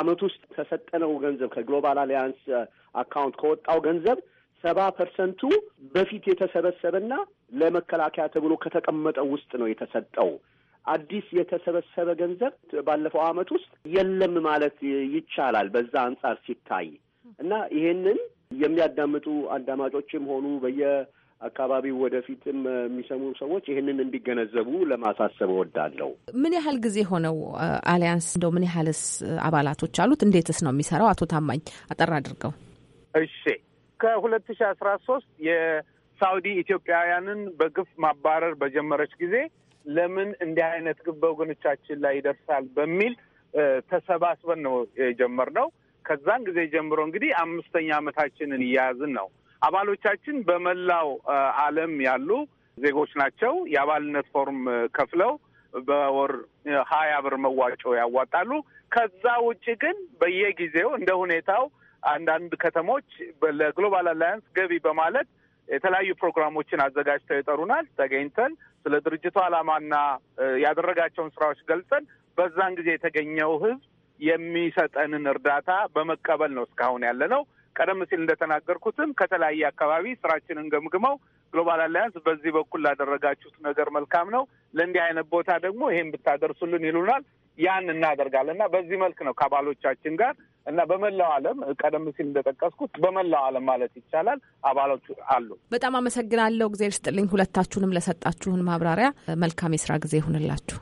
አመት ውስጥ ከሰጠነው ገንዘብ ከግሎባል አሊያንስ አካውንት ከወጣው ገንዘብ ሰባ ፐርሰንቱ በፊት የተሰበሰበና ለመከላከያ ተብሎ ከተቀመጠው ውስጥ ነው የተሰጠው። አዲስ የተሰበሰበ ገንዘብ ባለፈው አመት ውስጥ የለም ማለት ይቻላል በዛ አንጻር ሲታይ እና ይሄንን የሚያዳምጡ አዳማጮችም ሆኑ በየ አካባቢ ወደፊትም የሚሰሙ ሰዎች ይህንን እንዲገነዘቡ ለማሳሰብ እወዳለሁ። ምን ያህል ጊዜ ሆነው አሊያንስ እንደው ምን ያህልስ አባላቶች አሉት? እንዴትስ ነው የሚሰራው? አቶ ታማኝ አጠር አድርገው። እሺ ከሁለት ሺ አስራ ሶስት የሳውዲ ኢትዮጵያውያንን በግፍ ማባረር በጀመረች ጊዜ ለምን እንዲህ አይነት ግፍ በወገኖቻችን ላይ ይደርሳል በሚል ተሰባስበን ነው የጀመርነው። ከዛን ጊዜ ጀምሮ እንግዲህ አምስተኛ ዓመታችንን እያያዝን ነው። አባሎቻችን በመላው ዓለም ያሉ ዜጎች ናቸው። የአባልነት ፎርም ከፍለው በወር ሀያ ብር መዋጮ ያዋጣሉ። ከዛ ውጭ ግን በየጊዜው እንደ ሁኔታው አንዳንድ ከተሞች ለግሎባል አላያንስ ገቢ በማለት የተለያዩ ፕሮግራሞችን አዘጋጅተው ይጠሩናል። ተገኝተን ስለ ድርጅቱ ዓላማና ያደረጋቸውን ስራዎች ገልጸን በዛን ጊዜ የተገኘው ህዝብ የሚሰጠንን እርዳታ በመቀበል ነው እስካሁን ያለ ነው። ቀደም ሲል እንደተናገርኩትም ከተለያየ አካባቢ ስራችንን ገምግመው ግሎባል አላያንስ በዚህ በኩል ላደረጋችሁት ነገር መልካም ነው፣ ለእንዲህ አይነት ቦታ ደግሞ ይሄን ብታደርሱልን ይሉናል። ያን እናደርጋለን እና በዚህ መልክ ነው ከአባሎቻችን ጋር እና በመላው ዓለም ቀደም ሲል እንደጠቀስኩት በመላው ዓለም ማለት ይቻላል አባሎች አሉ። በጣም አመሰግናለሁ። እግዜር ስጥልኝ ሁለታችሁንም ለሰጣችሁን ማብራሪያ። መልካም የስራ ጊዜ ይሁንላችሁ።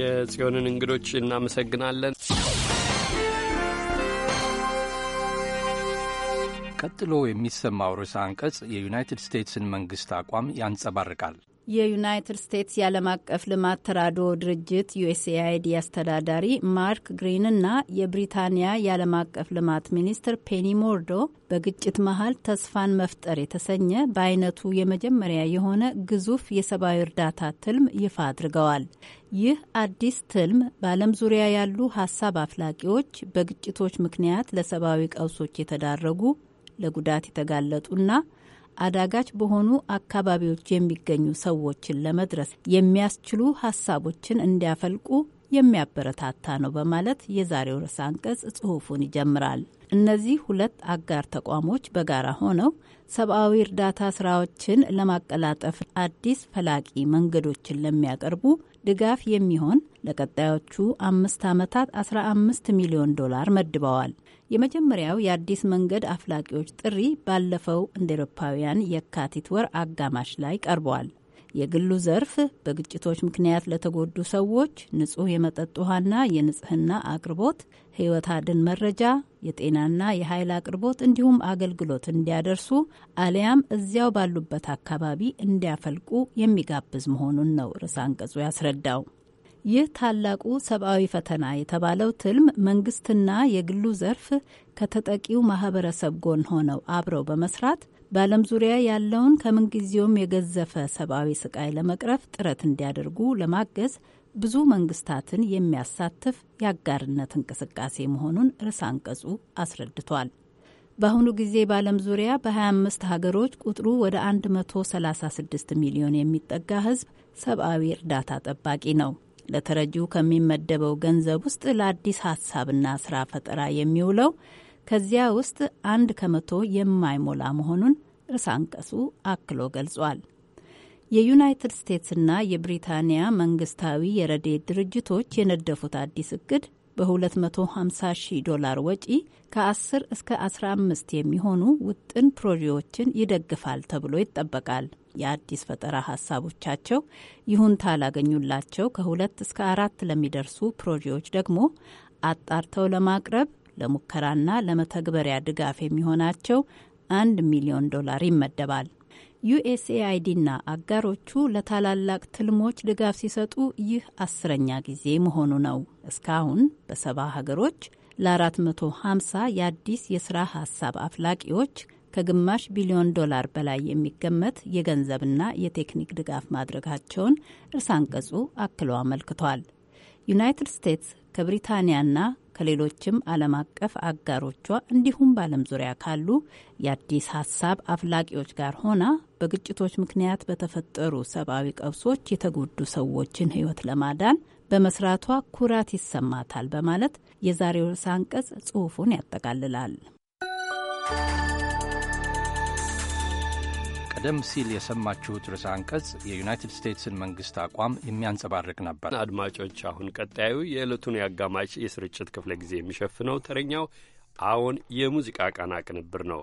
የጽዮንን እንግዶች እናመሰግናለን። ቀጥሎ የሚሰማው ርዕሰ አንቀጽ የዩናይትድ ስቴትስን መንግሥት አቋም ያንጸባርቃል። የዩናይትድ ስቴትስ የዓለም አቀፍ ልማት ተራድኦ ድርጅት ዩኤስኤአይዲ አስተዳዳሪ ማርክ ግሪን እና የብሪታንያ የዓለም አቀፍ ልማት ሚኒስትር ፔኒ ሞርዶ በግጭት መሀል ተስፋን መፍጠር የተሰኘ በአይነቱ የመጀመሪያ የሆነ ግዙፍ የሰብአዊ እርዳታ ትልም ይፋ አድርገዋል። ይህ አዲስ ትልም በዓለም ዙሪያ ያሉ ሀሳብ አፍላቂዎች በግጭቶች ምክንያት ለሰብአዊ ቀውሶች የተዳረጉ ለጉዳት የተጋለጡና አዳጋች በሆኑ አካባቢዎች የሚገኙ ሰዎችን ለመድረስ የሚያስችሉ ሀሳቦችን እንዲያፈልቁ የሚያበረታታ ነው በማለት የዛሬው ርዕሰ አንቀጽ ጽሑፉን ይጀምራል። እነዚህ ሁለት አጋር ተቋሞች በጋራ ሆነው ሰብአዊ እርዳታ ስራዎችን ለማቀላጠፍ አዲስ ፈላቂ መንገዶችን ለሚያቀርቡ ድጋፍ የሚሆን ለቀጣዮቹ አምስት ዓመታት 15 ሚሊዮን ዶላር መድበዋል። የመጀመሪያው የአዲስ መንገድ አፍላቂዎች ጥሪ ባለፈው እንደ ኤሮፓውያን የካቲት ወር አጋማሽ ላይ ቀርቧል። የግሉ ዘርፍ በግጭቶች ምክንያት ለተጎዱ ሰዎች ንጹህ የመጠጥ ውሃና የንጽህና አቅርቦት፣ ህይወት አድን መረጃ፣ የጤናና የኃይል አቅርቦት እንዲሁም አገልግሎት እንዲያደርሱ አሊያም እዚያው ባሉበት አካባቢ እንዲያፈልቁ የሚጋብዝ መሆኑን ነው ርዕሰ አንቀጹ ያስረዳው። ይህ ታላቁ ሰብአዊ ፈተና የተባለው ትልም መንግስትና የግሉ ዘርፍ ከተጠቂው ማህበረሰብ ጎን ሆነው አብረው በመስራት በዓለም ዙሪያ ያለውን ከምንጊዜውም የገዘፈ ሰብአዊ ስቃይ ለመቅረፍ ጥረት እንዲያደርጉ ለማገዝ ብዙ መንግስታትን የሚያሳትፍ የአጋርነት እንቅስቃሴ መሆኑን ርዕሰ አንቀጹ አስረድቷል። በአሁኑ ጊዜ በዓለም ዙሪያ በ25 ሀገሮች ቁጥሩ ወደ 136 ሚሊዮን የሚጠጋ ህዝብ ሰብአዊ እርዳታ ጠባቂ ነው። ለተረጂው ከሚመደበው ገንዘብ ውስጥ ለአዲስ ሀሳብና ስራ ፈጠራ የሚውለው ከዚያ ውስጥ አንድ ከመቶ የማይሞላ መሆኑን ርዕሰ አንቀጹ አክሎ ገልጿል። የዩናይትድ ስቴትስና የብሪታንያ መንግስታዊ የረድኤት ድርጅቶች የነደፉት አዲስ እቅድ በ250 ሺህ ዶላር ወጪ ከ10 እስከ 15 የሚሆኑ ውጥን ፕሮጀክቶችን ይደግፋል ተብሎ ይጠበቃል። የአዲስ ፈጠራ ሀሳቦቻቸው ይሁንታ ላገኙላቸው ከሁለት እስከ አራት ለሚደርሱ ፕሮጂዎች ደግሞ አጣርተው ለማቅረብ ለሙከራና ለመተግበሪያ ድጋፍ የሚሆናቸው አንድ ሚሊዮን ዶላር ይመደባል። ዩኤስኤአይዲና አጋሮቹ ለታላላቅ ትልሞች ድጋፍ ሲሰጡ ይህ አስረኛ ጊዜ መሆኑ ነው። እስካሁን በሰባ ሀገሮች ለ450 የአዲስ የስራ ሀሳብ አፍላቂዎች ከግማሽ ቢሊዮን ዶላር በላይ የሚገመት የገንዘብና የቴክኒክ ድጋፍ ማድረጋቸውን እርስ አንቀጹ አክሎ አመልክቷል። ዩናይትድ ስቴትስ ከብሪታንያና ከሌሎችም ዓለም አቀፍ አጋሮቿ እንዲሁም በዓለም ዙሪያ ካሉ የአዲስ ሀሳብ አፍላቂዎች ጋር ሆና በግጭቶች ምክንያት በተፈጠሩ ሰብአዊ ቀውሶች የተጎዱ ሰዎችን ሕይወት ለማዳን በመስራቷ ኩራት ይሰማታል በማለት የዛሬው ርዕሰ አንቀጽ ጽሑፉን ያጠቃልላል። ቀደም ሲል የሰማችሁት ርዕሰ አንቀጽ የዩናይትድ ስቴትስን መንግስት አቋም የሚያንጸባርቅ ነበር። አድማጮች፣ አሁን ቀጣዩ የዕለቱን የአጋማሽ የስርጭት ክፍለ ጊዜ የሚሸፍነው ተረኛው አዎን የሙዚቃ ቃና ቅንብር ነው።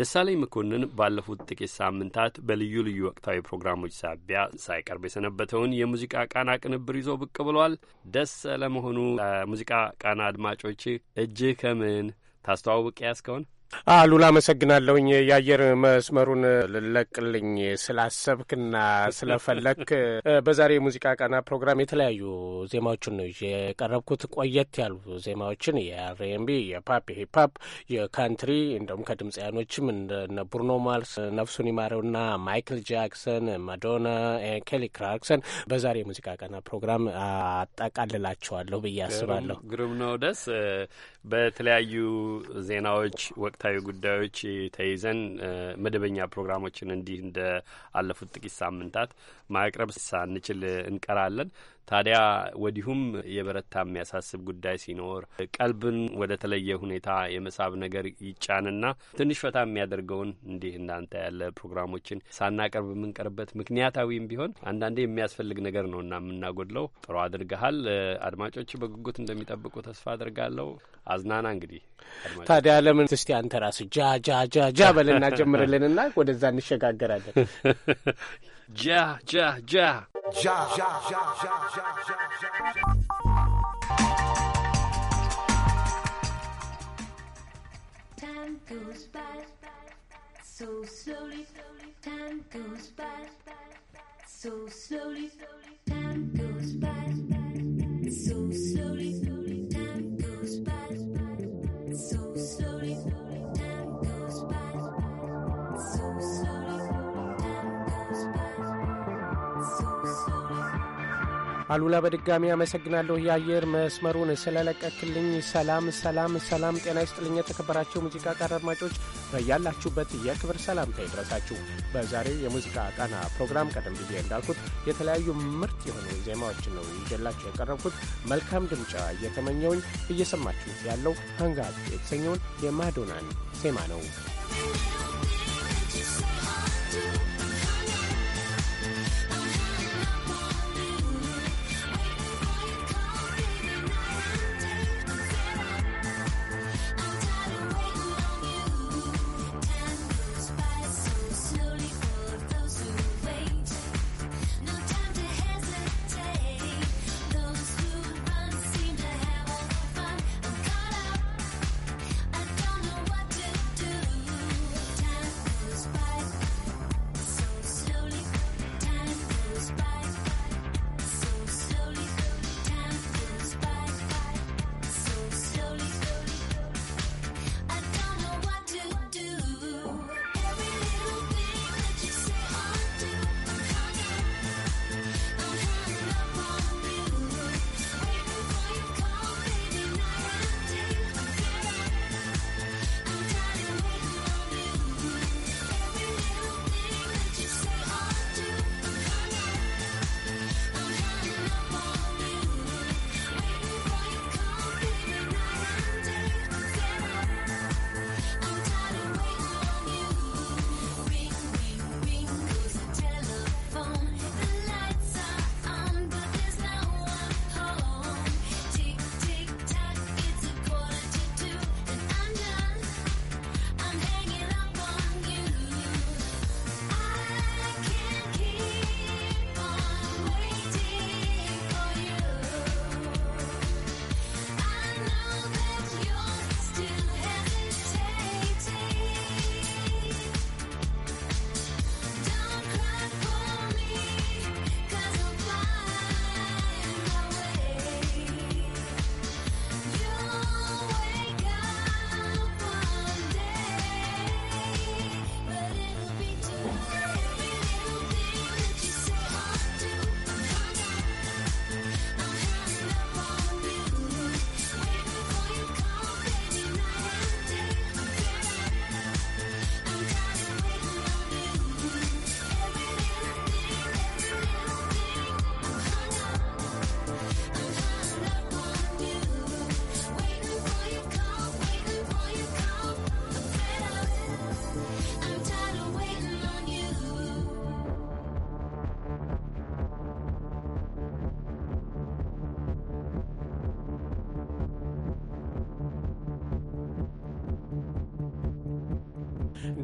ደሳለኝ መኮንን ባለፉት ጥቂት ሳምንታት በልዩ ልዩ ወቅታዊ ፕሮግራሞች ሳቢያ ሳይቀርብ የሰነበተውን የሙዚቃ ቃና ቅንብር ይዞ ብቅ ብሏል። ደስ ለመሆኑ ሙዚቃ ቃና አድማጮች እጅህ ከምን ታስተዋውቅ ያስከውን አሉላ አመሰግናለሁኝ። የአየር መስመሩን ልለቅልኝ ስላሰብክና ስለፈለክ በዛሬ የሙዚቃ ቀና ፕሮግራም የተለያዩ ዜማዎችን ነው የቀረብኩት። ቆየት ያሉ ዜማዎችን የአርኤምቢ፣ የፓፕ፣ የሂፓፕ፣ የካንትሪ እንደውም ከድምፃያኖችም እነ ብሩኖ ማርስ፣ ነፍሱን ይማረውና ማይክል ጃክሰን፣ ማዶና፣ ኬሊ ክላርክሰን በዛሬ የሙዚቃ ቀና ፕሮግራም አጠቃልላቸዋለሁ ብዬ አስባለሁ። ግሩም ነው ደስ በተለያዩ ዜናዎች ወቅት ወቅታዊ ጉዳዮች ተይዘን መደበኛ ፕሮግራሞችን እንዲህ እንደ አለፉት ጥቂት ሳምንታት ማቅረብ ሳንችል እንቀራለን። ታዲያ ወዲሁም የበረታ የሚያሳስብ ጉዳይ ሲኖር ቀልብን ወደ ተለየ ሁኔታ የመሳብ ነገር ይጫንና ትንሽ ፈታ የሚያደርገውን እንዲህ እንዳንተ ያለ ፕሮግራሞችን ሳናቀርብ የምንቀርበት ምክንያታዊም ቢሆን አንዳንዴ የሚያስፈልግ ነገር ነው እና የምናጎድለው። ጥሩ አድርገሃል። አድማጮች በጉጉት እንደሚጠብቁ ተስፋ አድርጋለሁ። አዝናና እንግዲህ ታዲያ ለምን እስቲ አንተ ራሱ ጃ ጃ ጃ ጃ በልና ጀምርልንና ወደዛ እንሸጋገራለን። ጃ ጃ ጃ Ja. Ja. Ja. Ja. Ja. Ja. Ja. Time goes by so slowly. Time goes by so slowly. Time goes by so slowly. አሉላ በድጋሚ አመሰግናለሁ የአየር መስመሩን ስለለቀክልኝ። ሰላም ሰላም ሰላም፣ ጤና ይስጥልኝ። የተከበራቸው ሙዚቃ ቃና አድማጮች በያላችሁበት የክብር ሰላምታ ይድረሳችሁ። በዛሬው የሙዚቃ ቃና ፕሮግራም ቀደም ጊዜ እንዳልኩት የተለያዩ ምርጥ የሆኑ ዜማዎችን ነው ይዤላችሁ የቀረብኩት። መልካም ድምጫ እየተመኘውኝ እየሰማችሁት ያለው ሀንጋት የተሰኘውን የማዶናን ዜማ ነው።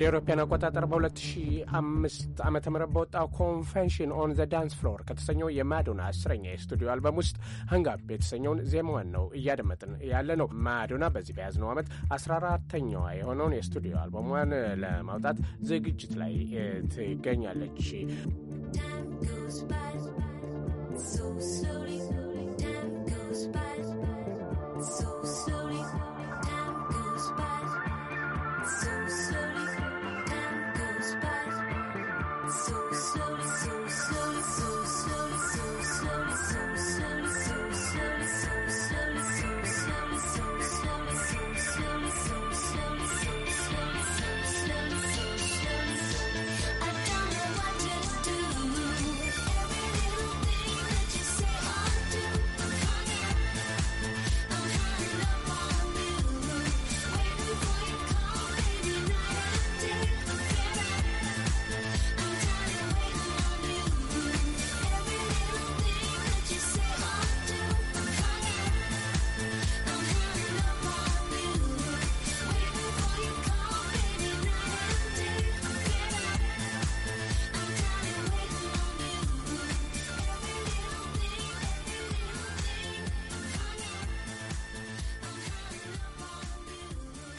አውሮፓውያን አቆጣጠር በ2005 ዓ ም በወጣው ኮንቨንሽን ኦን ዘ ዳንስ ፍሎር ከተሰኘው የማዶና አስረኛ የስቱዲዮ አልበም ውስጥ ሀንጋፕ የተሰኘውን ዜማዋን ነው እያደመጥን ያለ ነው። ማዶና በዚህ በያዝነው ዓመት 14ተኛዋ የሆነውን የስቱዲዮ አልበሟን ለማውጣት ዝግጅት ላይ ትገኛለች።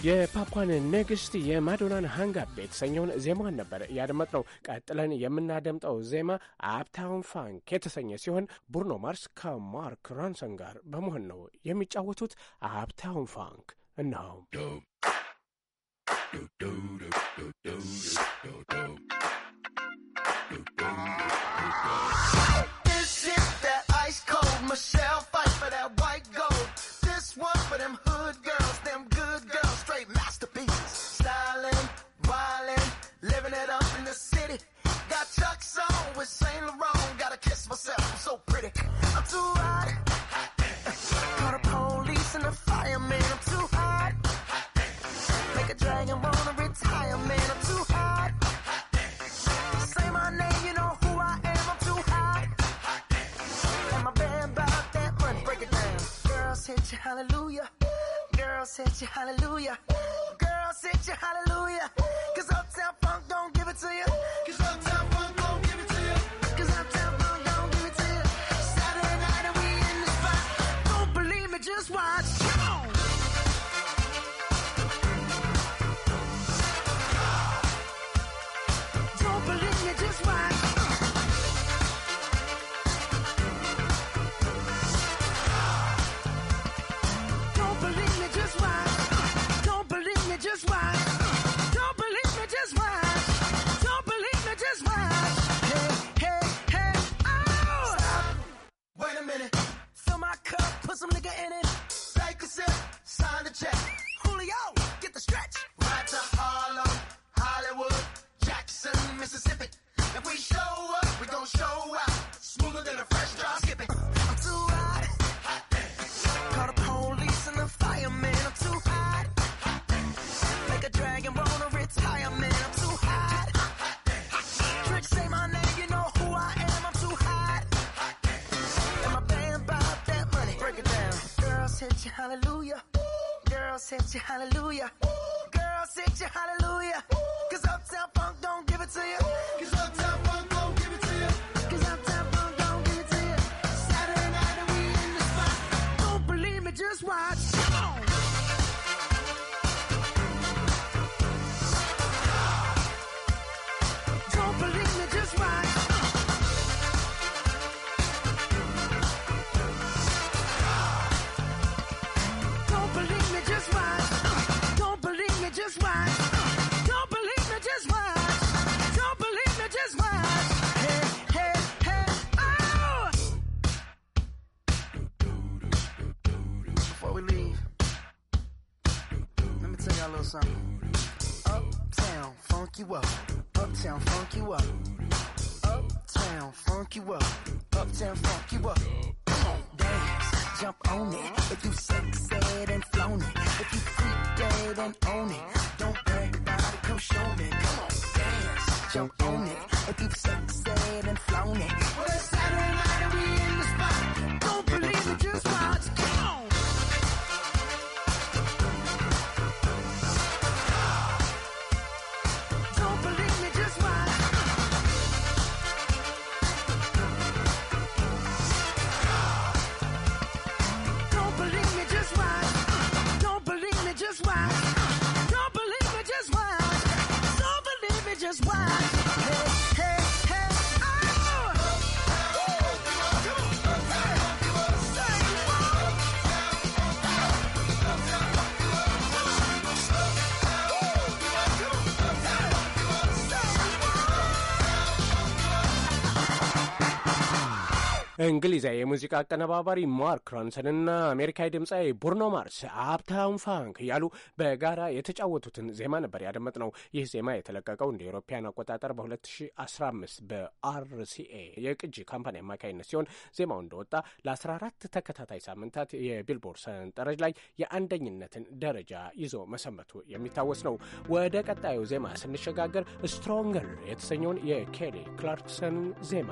የፓፓን ንግሥት የማዶናን ሃንጋፕ የተሰኘውን ዜማዋን ነበር ያደመጥነው። ቀጥለን የምናደምጠው ዜማ አፕታውን ፋንክ የተሰኘ ሲሆን ቡርኖ ማርስ ከማርክ ራንሰን ጋር በመሆን ነው የሚጫወቱት። አፕታውን ፋንክ እናው song with Saint Laurent. Gotta kiss myself, I'm so pretty. I'm too hot. Call the police and the fireman. I'm too hot. Make a dragon wanna retire, man. I'm too hot. Say my name, you know who I am. I'm too hot. And my band about that money. Break it down. Girls hit you, hallelujah. Girls hit you, hallelujah. Girls hit you, hallelujah. Cause Uptown Funk don't give it to you. እንግሊዛዊ የሙዚቃ አቀነባባሪ ማርክ ሮንሰንና አሜሪካዊ ድምፃዊ ቡርኖ ማርስ አፕታውን ፋንክ እያሉ በጋራ የተጫወቱትን ዜማ ነበር ያደመጥነው። ይህ ዜማ የተለቀቀው እንደ ኤሮፓያን አቆጣጠር በ2015 በአርሲኤ የቅጂ ካምፓኒ አማካኝነት ሲሆን ዜማው እንደወጣ ለ14 ተከታታይ ሳምንታት የቢልቦርድ ሰንጠረዥ ላይ የአንደኝነትን ደረጃ ይዞ መሰመቱ የሚታወስ ነው። ወደ ቀጣዩ ዜማ ስንሸጋገር ስትሮንገር የተሰኘውን የኬሊ ክላርክሰን ዜማ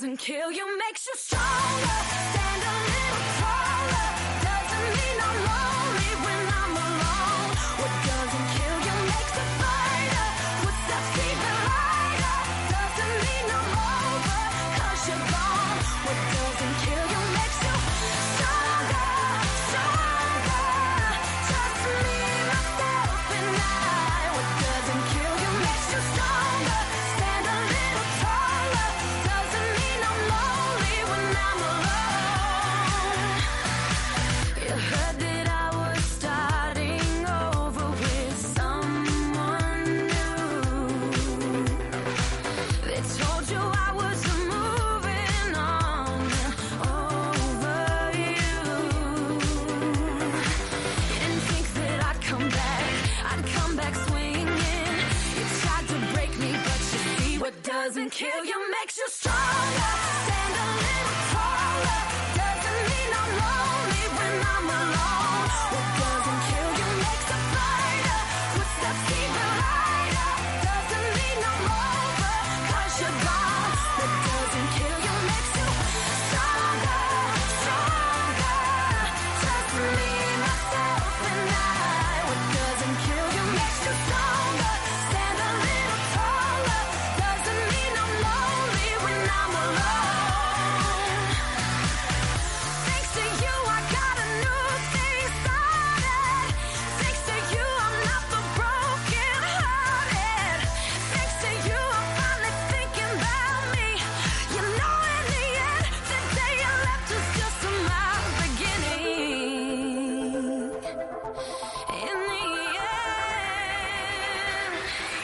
doesn't kill you makes you stronger.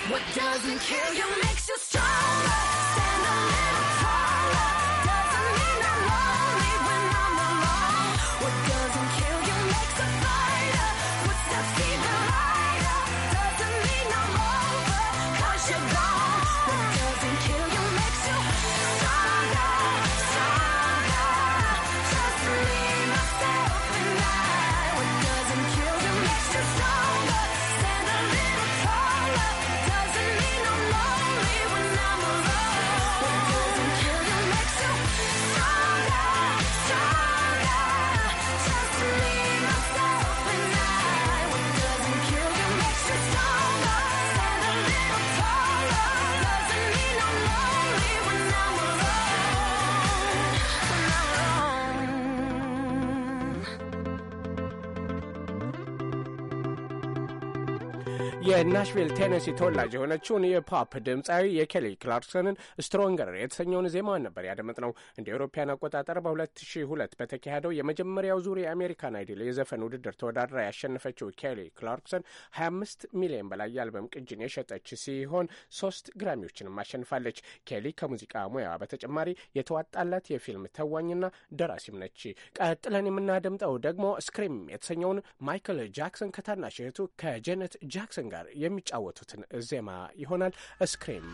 What doesn't kill you makes you stronger. Stand a little. የናሽቪል ቴነሲ ተወላጅ የሆነችውን የፖፕ ድምፃዊ የኬሊ ክላርክሰንን ስትሮንገር የተሰኘውን ዜማዋን ነበር ያደመጥነው። እንደ ኤሮፓያን አቆጣጠር በ2002 በተካሄደው የመጀመሪያው ዙር የአሜሪካን አይዲል የዘፈን ውድድር ተወዳድራ ያሸነፈችው ኬሊ ክላርክሰን 25 ሚሊዮን በላይ የአልበም ቅጅን የሸጠች ሲሆን ሶስት ግራሚዎችንም አሸንፋለች። ኬሊ ከሙዚቃ ሙያዋ በተጨማሪ የተዋጣላት የፊልም ተዋኝና ደራሲም ነች። ቀጥለን የምናደምጠው ደግሞ ስክሪም የተሰኘውን ማይክል ጃክሰን ከታናሽ እህቱ ከጀነት ጃክሰን ጋር የሚጫወቱትን ዜማ ይሆናል። ስክሪም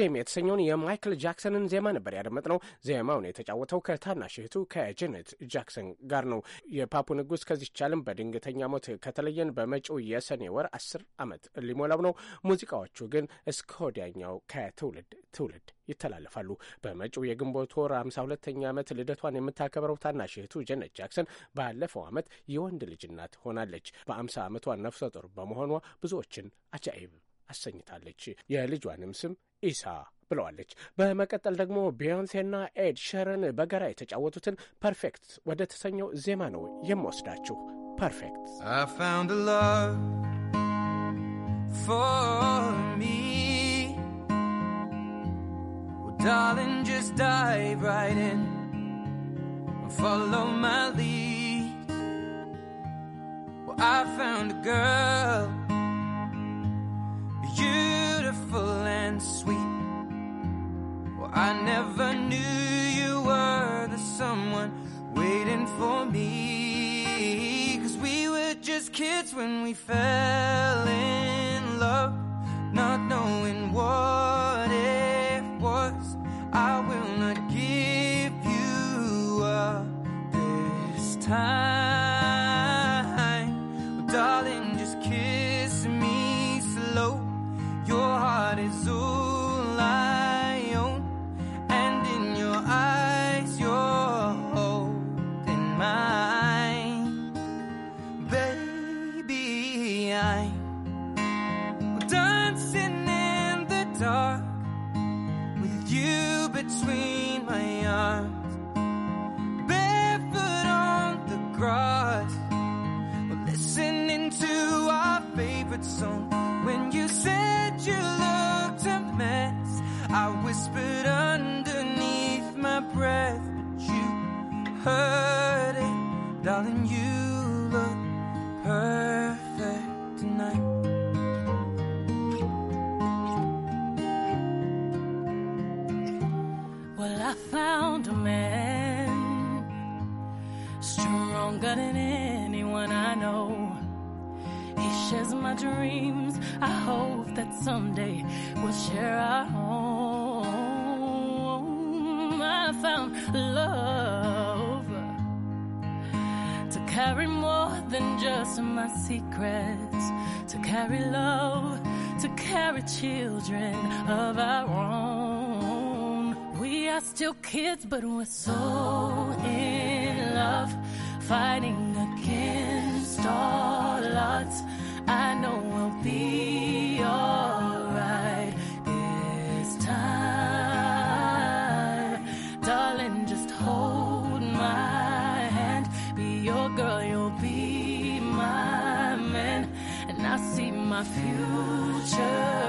ስክሪም የተሰኘውን የማይክል ጃክሰንን ዜማ ነበር ያደመጥነው። ዜማውን የተጫወተው ከታናሽ እህቱ ከጀነት ጃክሰን ጋር ነው። የፓፑ ንጉስ ከዚህ ቻልም በድንገተኛ ሞት ከተለየን በመጪው የሰኔ ወር አስር ዓመት ሊሞላው ነው። ሙዚቃዎቹ ግን እስከ ወዲያኛው ከትውልድ ትውልድ ይተላለፋሉ። በመጪው የግንቦት ወር አምሳ ሁለተኛ ዓመት ልደቷን የምታከብረው ታናሽ እህቱ ጀነት ጃክሰን ባለፈው ዓመት የወንድ ልጅ እናት ሆናለች። በአምሳ ዓመቷ ነፍሰ ጡር በመሆኗ ብዙዎችን አጃኢብ አሰኝታለች። የልጇንም ስም ኢሳ ብለዋለች። በመቀጠል ደግሞ ቢዮንሴና ኤድ ሸረን በጋራ የተጫወቱትን ፐርፌክት ወደ ተሰኘው ዜማ ነው የምወስዳችሁ። ፐርፌክት I found a girl beautiful and sweet. Well, I never knew you were the someone waiting for me. Cause we were just kids when we fell in. found a man stronger than anyone I know. He shares my dreams. I hope that someday we'll share our home. I found love to carry more than just my secrets, to carry love, to carry children of our own are still kids, but we're so in love, fighting against all odds. I know we'll be alright this time, darling. Just hold my hand, be your girl, you'll be my man, and I see my future.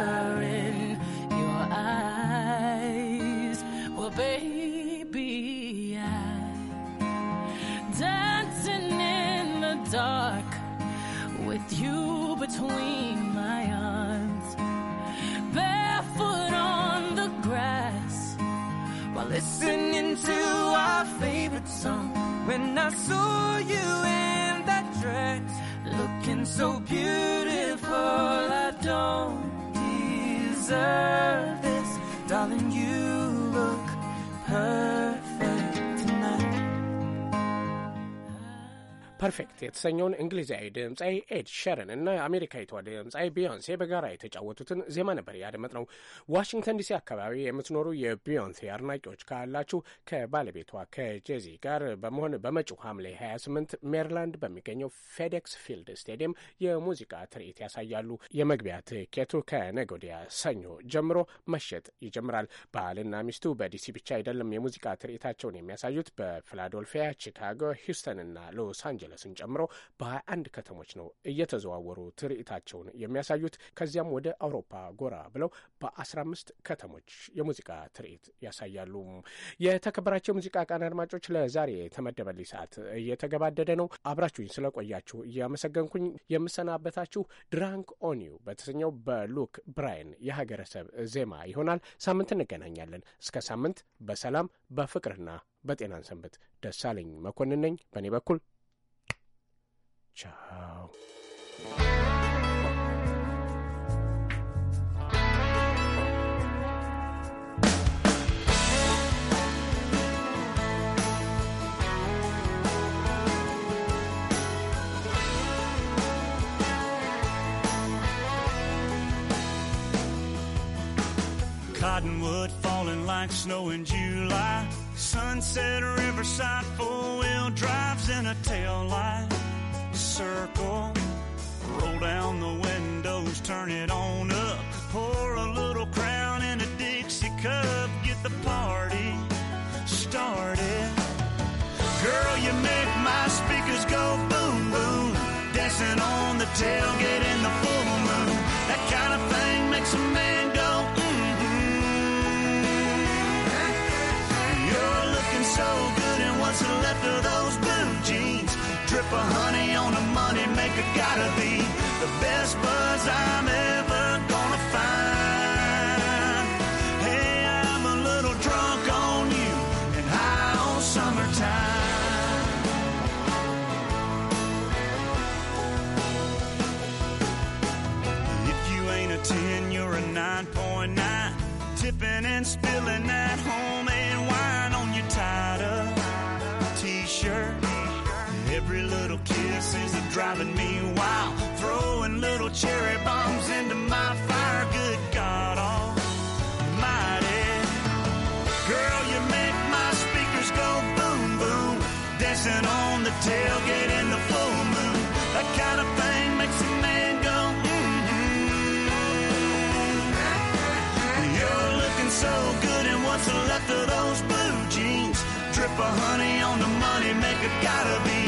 listening to our favorite song. When I saw you in that dress, looking so beautiful, I don't deserve this. Darling, you look perfect. ፐርፌክት የተሰኘውን እንግሊዛዊ ድምፃዊ ኤድ ሸረን እና አሜሪካዊቷ ድምፃዊ ቢዮንሴ በጋራ የተጫወቱትን ዜማ ነበር ነው። ዋሽንግተን ዲሲ አካባቢ የምትኖሩ የቢዮንሴ አድናቂዎች ካላችሁ ከባለቤቷ ከጄዚ ጋር በመሆን በመጪው ሐምሌ 28 ሜሪላንድ በሚገኘው ፌዴክስ ፊልድ ስቴዲየም የሙዚቃ ትርኢት ያሳያሉ። የመግቢያ ትኬቱ ከነጎዲያ ሰኞ ጀምሮ መሸጥ ይጀምራል። ባልና ሚስቱ በዲሲ ብቻ አይደለም የሙዚቃ ትርኢታቸውን የሚያሳዩት በፊላዶልፊያ፣ ቺካጎ፣ ሂውስተን እና ሎስ አንጀለስ አንጀለስን ጨምሮ በ21 ከተሞች ነው እየተዘዋወሩ ትርኢታቸውን የሚያሳዩት። ከዚያም ወደ አውሮፓ ጎራ ብለው በ15 ከተሞች የሙዚቃ ትርኢት ያሳያሉ። የተከበራቸው የሙዚቃ ቃን አድማጮች ለዛሬ የተመደበልኝ ሰዓት እየተገባደደ ነው። አብራችሁኝ ስለቆያችሁ እያመሰገንኩኝ የምሰናበታችሁ ድራንክ ኦኒው በተሰኘው በሉክ ብራይን የሀገረሰብ ዜማ ይሆናል። ሳምንት እንገናኛለን። እስከ ሳምንት በሰላም በፍቅርና በጤናን ሰንበት። ደሳለኝ መኮንን ነኝ። በእኔ በኩል Ciao. Cottonwood falling like snow in July. Sunset Riverside, four wheel drives and a tail light circle. Roll down the windows, turn it on up. Pour a little crown in a Dixie cup. Get the party started. Girl, you make my speakers go boom, boom. Dancing on the tailgate in the full moon. That kind of thing makes a man go, mm hmm. You're looking so good, and what's left of those? loving me while throwing little cherry bombs into my fire. Good God Almighty, girl, you make my speakers go boom boom, dancing on the tailgate in the full moon. That kind of thing makes a man go mm hmm. You're looking so good, and what's left of those blue jeans? Drip of honey on the money, maker. gotta be.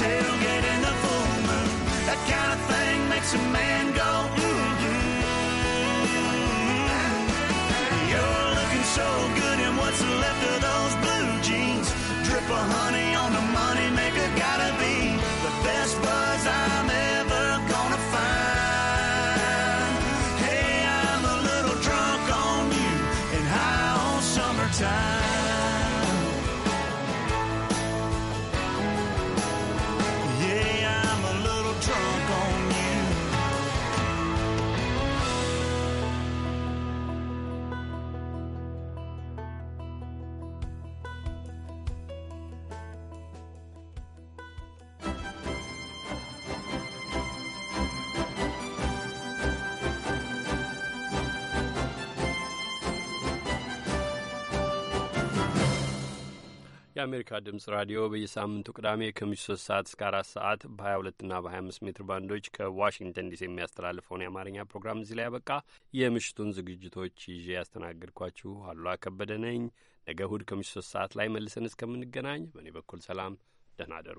tailgate in the full moon. That kind of thing makes a man. የአሜሪካ ድምጽ ራዲዮ በየሳምንቱ ቅዳሜ ከምሽቱ 3 ሰዓት እስከ 4 ሰዓት በ22 እና በ25 ሜትር ባንዶች ከዋሽንግተን ዲሲ የሚያስተላልፈውን የአማርኛ ፕሮግራም እዚህ ላይ ያበቃ። የምሽቱን ዝግጅቶች ይዤ ያስተናግድኳችሁ አሉላ ከበደ ነኝ። ነገ እሁድ ከምሽቱ 3 ሰዓት ላይ መልሰን እስከምንገናኝ በእኔ በኩል ሰላም፣ ደህና አደሩ።